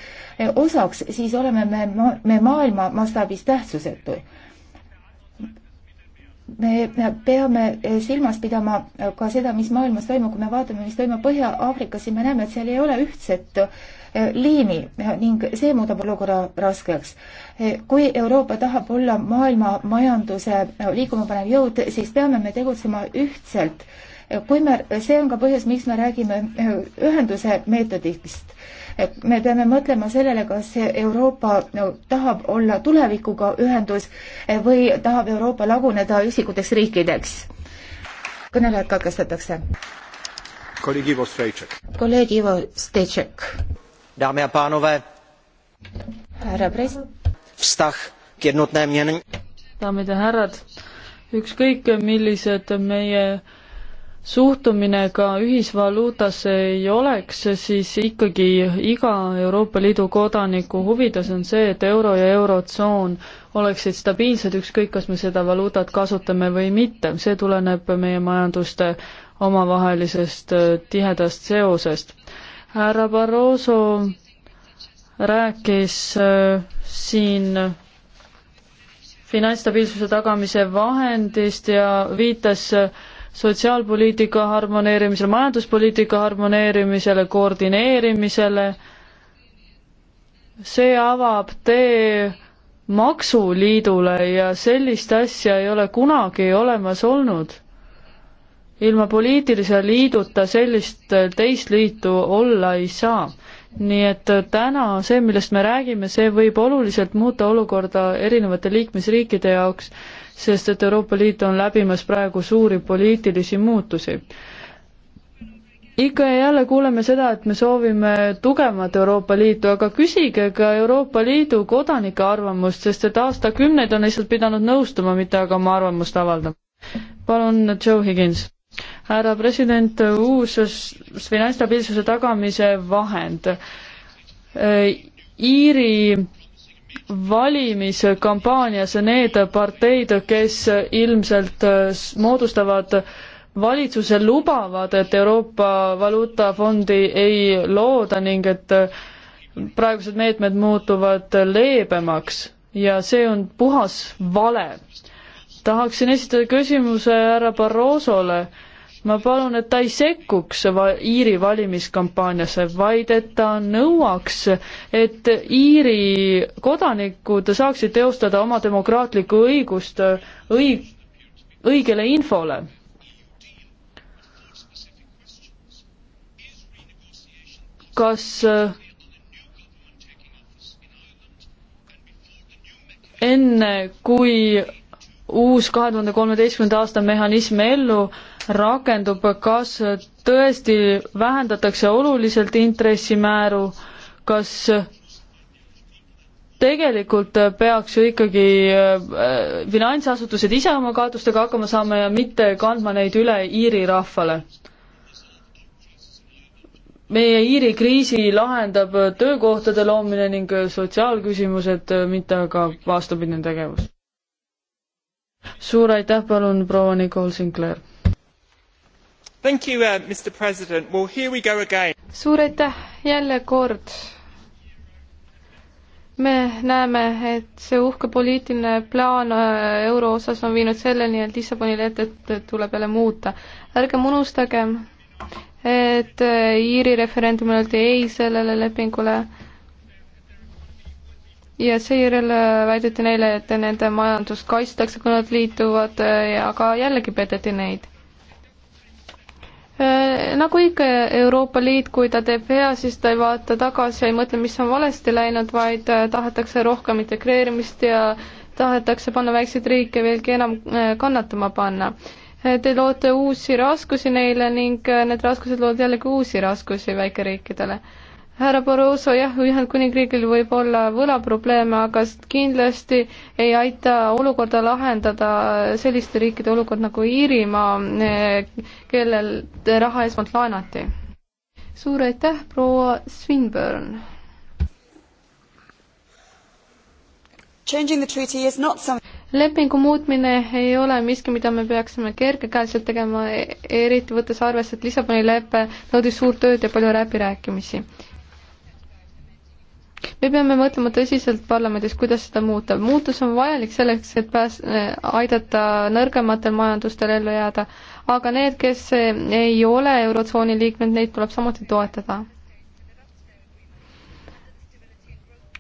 osaks, siis oleme me, me maailma mastaabis tähtsusetu me peame silmas pidama ka seda, mis maailmas toimub, kui me vaatame, mis toimub Põhja-Aafrikas, siis me näeme, et seal ei ole ühtset eh, liini ning see muudab olukorra raskeks. Eh, kui Euroopa tahab olla maailma majanduse eh, liikuma panev jõud, siis peame me tegutsema ühtselt. kui me, see on ka põhjus, miks me räägime ühenduse meetodist me peame mõtlema sellele, kas Euroopa no, tahab olla tulevikuga ühendus eh, või tahab Euroopa laguneda üksikuteks riikideks. kõnelejad katkestatakse. kolleeg Ivo Strejček. kolleeg Ivo Strejček. Dámy a pánové, vztah k jednotné měně. Dámy a härrad, ükskõik millised meie suhtumine ka ühisvaluutasse ei oleks, siis ikkagi iga Euroopa Liidu kodaniku huvides on see, et euro ja eurotsoon oleksid stabiilsed, ükskõik kas me seda valuutat kasutame või mitte, see tuleneb meie majanduste omavahelisest äh, tihedast seosest. härra Barroso rääkis äh, siin finantsstabiilsuse tagamise vahendist ja viitas äh, sotsiaalpoliitika harmoneerimisele, majanduspoliitika harmoneerimisele, koordineerimisele. see avab tee maksuliidule ja sellist asja ei ole kunagi olemas olnud. ilma poliitilise liiduta sellist teist liitu olla ei saa. nii et täna see, millest me räägime, see võib oluliselt muuta olukorda erinevate liikmesriikide jaoks sest et Euroopa Liit on läbimas praegu suuri poliitilisi muutusi. ikka ja jälle kuuleme seda, et me soovime tugevamat Euroopa Liitu, aga küsige ka Euroopa Liidu kodanike arvamust, sest et aastakümneid on lihtsalt pidanud nõustuma, mitte aga oma arvamust avaldama. palun, Joe Higins härra president, uus finantsstabiilsuse tagamise vahend. Äh, Iiri valimiskampaanias need parteid, kes ilmselt äh, moodustavad valitsuse, lubavad, et Euroopa Valuutafondi ei looda ning et äh, praegused meetmed muutuvad leebemaks ja see on puhas vale. tahaksin esitada küsimuse härra Barrosole ma palun, et ta ei sekkuks va Iiri valimiskampaaniasse, vaid et ta nõuaks, et Iiri kodanikud saaksid teostada oma demokraatlikku õigust õig-, õigele infole. kas enne, kui uus kahe tuhande kolmeteistkümnenda aasta mehhanism ellu rakendub, kas tõesti vähendatakse oluliselt intressimääru, kas tegelikult peaks ju ikkagi äh, finantsasutused ise oma kaotustega hakkama saama ja mitte kandma neid üle Iiri rahvale. meie Iiri kriisi lahendab töökohtade loomine ning sotsiaalküsimused, mitte aga vastupidine tegevus. suur aitäh, palun, proua Nicole Sinclair Uh, well, suur aitäh jälle kord me näeme, et see uhke poliitiline plaan äh, euro osas on viinud selleni, et Lissaboni lepet äh, tuleb jälle muuta. ärgem unustagem, et äh, Iiri referendumil öeldi ei sellele lepingule ja seejärel väideti neile, et nende majandust kaitstakse, kui nad liituvad ja ka jällegi peteti neid Äh, nagu ikka Euroopa Liit, kui ta teeb vea, siis ta ei vaata tagasi ja ei mõtle, mis on valesti läinud, vaid äh, tahetakse rohkem integreerimist ja tahetakse panna väikseid riike veelgi enam äh, kannatama panna. Te loote uusi raskusi neile ning need raskused loovad jällegi uusi raskusi väikeriikidele härra Barroso, jah, Ühendkuningriigil võib olla võlaprobleeme, aga kindlasti ei aita olukorda lahendada selliste riikide olukord nagu Iirimaa, kellel raha esmalt laenati. suur aitäh, proua Swinburne! Changing the treaty is not some lepingu muutmine ei ole miski, mida me peaksime kergekäeliselt tegema, eriti võttes arvesse, et Lissaboni lepe nõudis suurt tööd ja palju läbirääkimisi me peame mõtlema tõsiselt parlamendis, kuidas seda muuta. muutus on vajalik selleks, et pääs-, äh, aidata nõrgematel majandustel ellu jääda, aga need, kes äh, ei ole Eurotsooni liikmed, neid tuleb samuti toetada.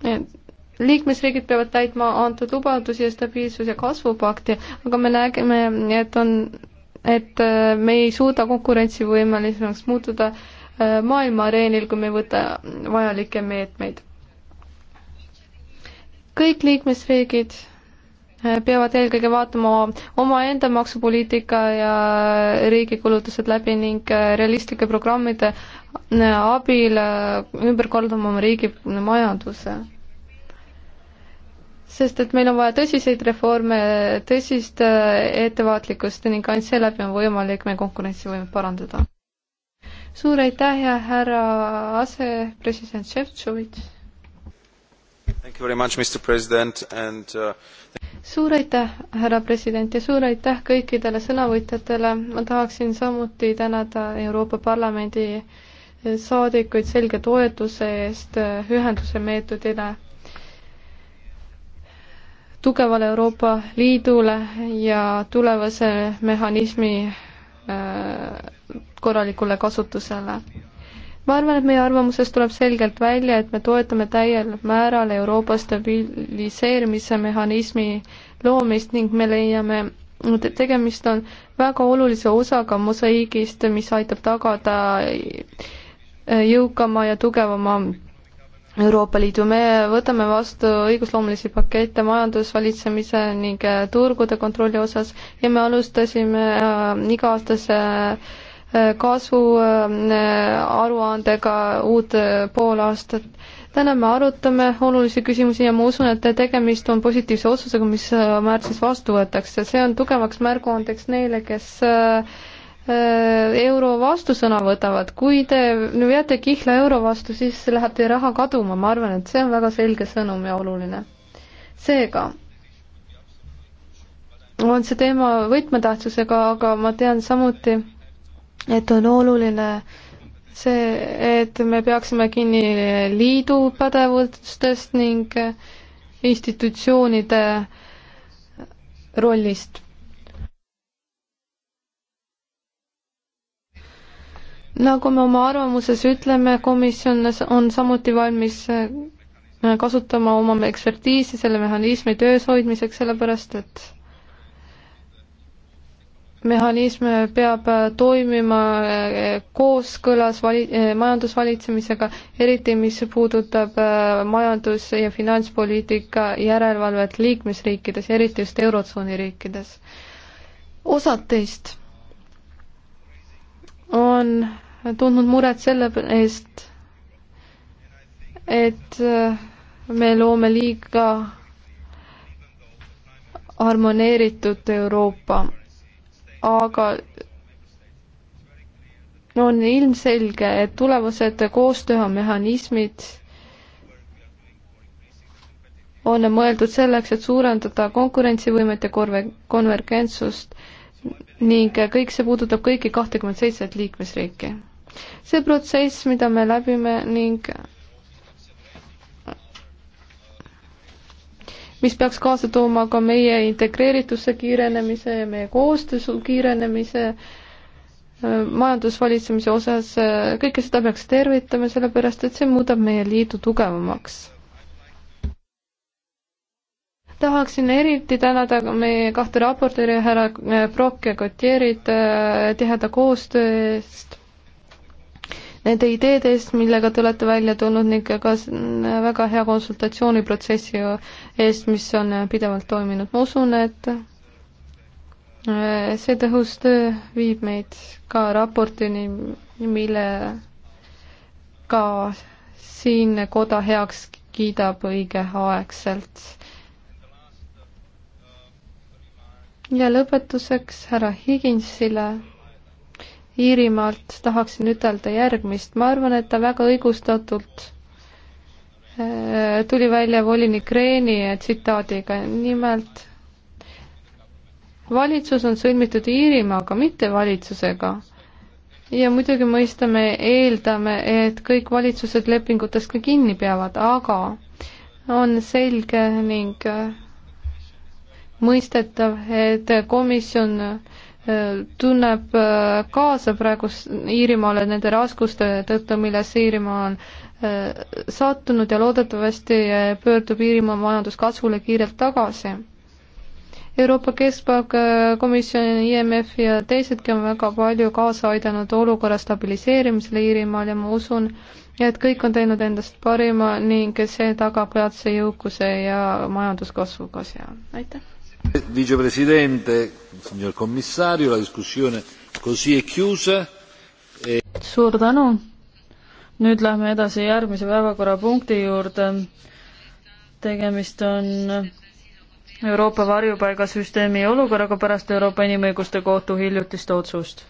Äh, liikmesriigid peavad täitma antud lubadusi ja stabiilsus- ja kasvupakti, aga me nägime, et on, et me ei suuda konkurentsivõimelisemaks muutuda maailma areenil, kui me ei võta vajalikke meetmeid kõik liikmesriigid äh, peavad eelkõige vaatama omaenda maksupoliitika ja äh, riigi kulutused läbi ning äh, realistlike programmide abil ümber kordama oma riigi majanduse. sest et meil on vaja tõsiseid reforme, tõsist ettevaatlikkust ning ainult seeläbi on võimalik meie konkurentsivõimet parandada. suur aitäh ja härra asepresident Šeftšovitš! Uh, suur aitäh, härra president ja suur aitäh kõikidele sõnavõtjatele. ma tahaksin samuti tänada Euroopa Parlamendi saadikuid selge toetuse eest ühenduse meetodile, tugevale Euroopa Liidule ja tulevase mehhanismi äh, korralikule kasutusele ma arvan, et meie arvamuses tuleb selgelt välja, et me toetame täiel määral Euroopa stabiliseerimise mehhanismi loomist ning me leiame, et tegemist on väga olulise osaga mosaiigist, mis aitab tagada jõukama ja tugevama Euroopa Liidu, me võtame vastu õigusloomulisi pakette majandusvalitsemise ning turgude kontrolli osas ja me alustasime äh, iga-aastase äh, kasvuaruandega äh, uut äh, poolaastat. täna me arutame olulisi küsimusi ja ma usun, et tegemist on positiivse otsusega, mis äh, märtsis vastu võetakse. see on tugevaks märguandeks neile, kes euro vastusõna võtavad. kui te no, jääte kihla euro vastu, siis läheb teie raha kaduma. ma arvan, et see on väga selge sõnum ja oluline. seega on see teema võtmetähtsusega, aga ma tean samuti, et on oluline see, et me peaksime kinni liidu pädevustest ning institutsioonide rollist. nagu me oma arvamuses ütleme, komisjon on samuti valmis kasutama oma ekspertiisi selle mehhanismi töös hoidmiseks, sellepärast et mehhanism peab toimima eh, kooskõlas vali-, eh, majandusvalitsemisega, eriti mis puudutab eh, majandus- ja finantspoliitika järelevalvet liikmesriikides, eriti just Eurotsooni riikides. osad teist on tundnud muret selle eest, et me loome liiga harmoneeritud Euroopa aga on ilmselge, et tulevased koostöömehhanismid on mõeldud selleks, et suurendada konkurentsivõimet ja korve-, konvergentsust ning kõik see puudutab kõiki kahtekümmet seitset liikmesriiki. see protsess, mida me läbime ning mis peaks kaasa tooma ka meie integreerituse kiirenemise ja meie koostöö kiirenemise äh, majandusvalitsemise osas, äh, kõike seda peaks tervitama, sellepärast et see muudab meie liidu tugevamaks. tahaksin eriti tänada meie kahte raportööri, härra äh, Brock ja Gutierit tiheda koostöö eest nende ideede eest, millega te olete välja tulnud ning ka väga hea konsultatsiooniprotsessi eest, mis on pidevalt toiminud. ma usun, et äh, see tõhus töö viib meid ka raportini, mille ka siin koda heaks kiidab õigeaegselt. ja lõpetuseks härra Higginsile Iirimaalt tahaksin ütelda järgmist. ma arvan, et ta väga õigustatult äh, tuli välja volinik Reeni tsitaadiga, nimelt valitsus on sõlmitud Iirimaaga, mitte valitsusega. ja muidugi mõistame, eeldame, et kõik valitsused lepingutest ka kinni peavad, aga on selge ning äh, mõistetav, et komisjon äh, tunneb äh, kaasa praegu Iirimaale nende raskuste tõttu, milles Iirimaa on äh, sattunud ja loodetavasti äh, pöördub Iirimaa majanduskasvule kiirelt tagasi. Euroopa Keskpank, komisjon, IMF ja teisedki on väga palju kaasa aidanud olukorra stabiliseerimisele Iirimaal ja ma usun, et kõik on teinud endast parima ning see tagab peatse jõukuse ja majanduskasvu ka seal. aitäh! vicepresidente, signor commissario, la discussione così è chiusa e.... suur tänu. nüüd lähme edasi järgmise päevakorrapunkti juurde. tegemist on Euroopa varjupaigasüsteemi olukorraga pärast Euroopa Inimõiguste Kohtu hiljutist otsust.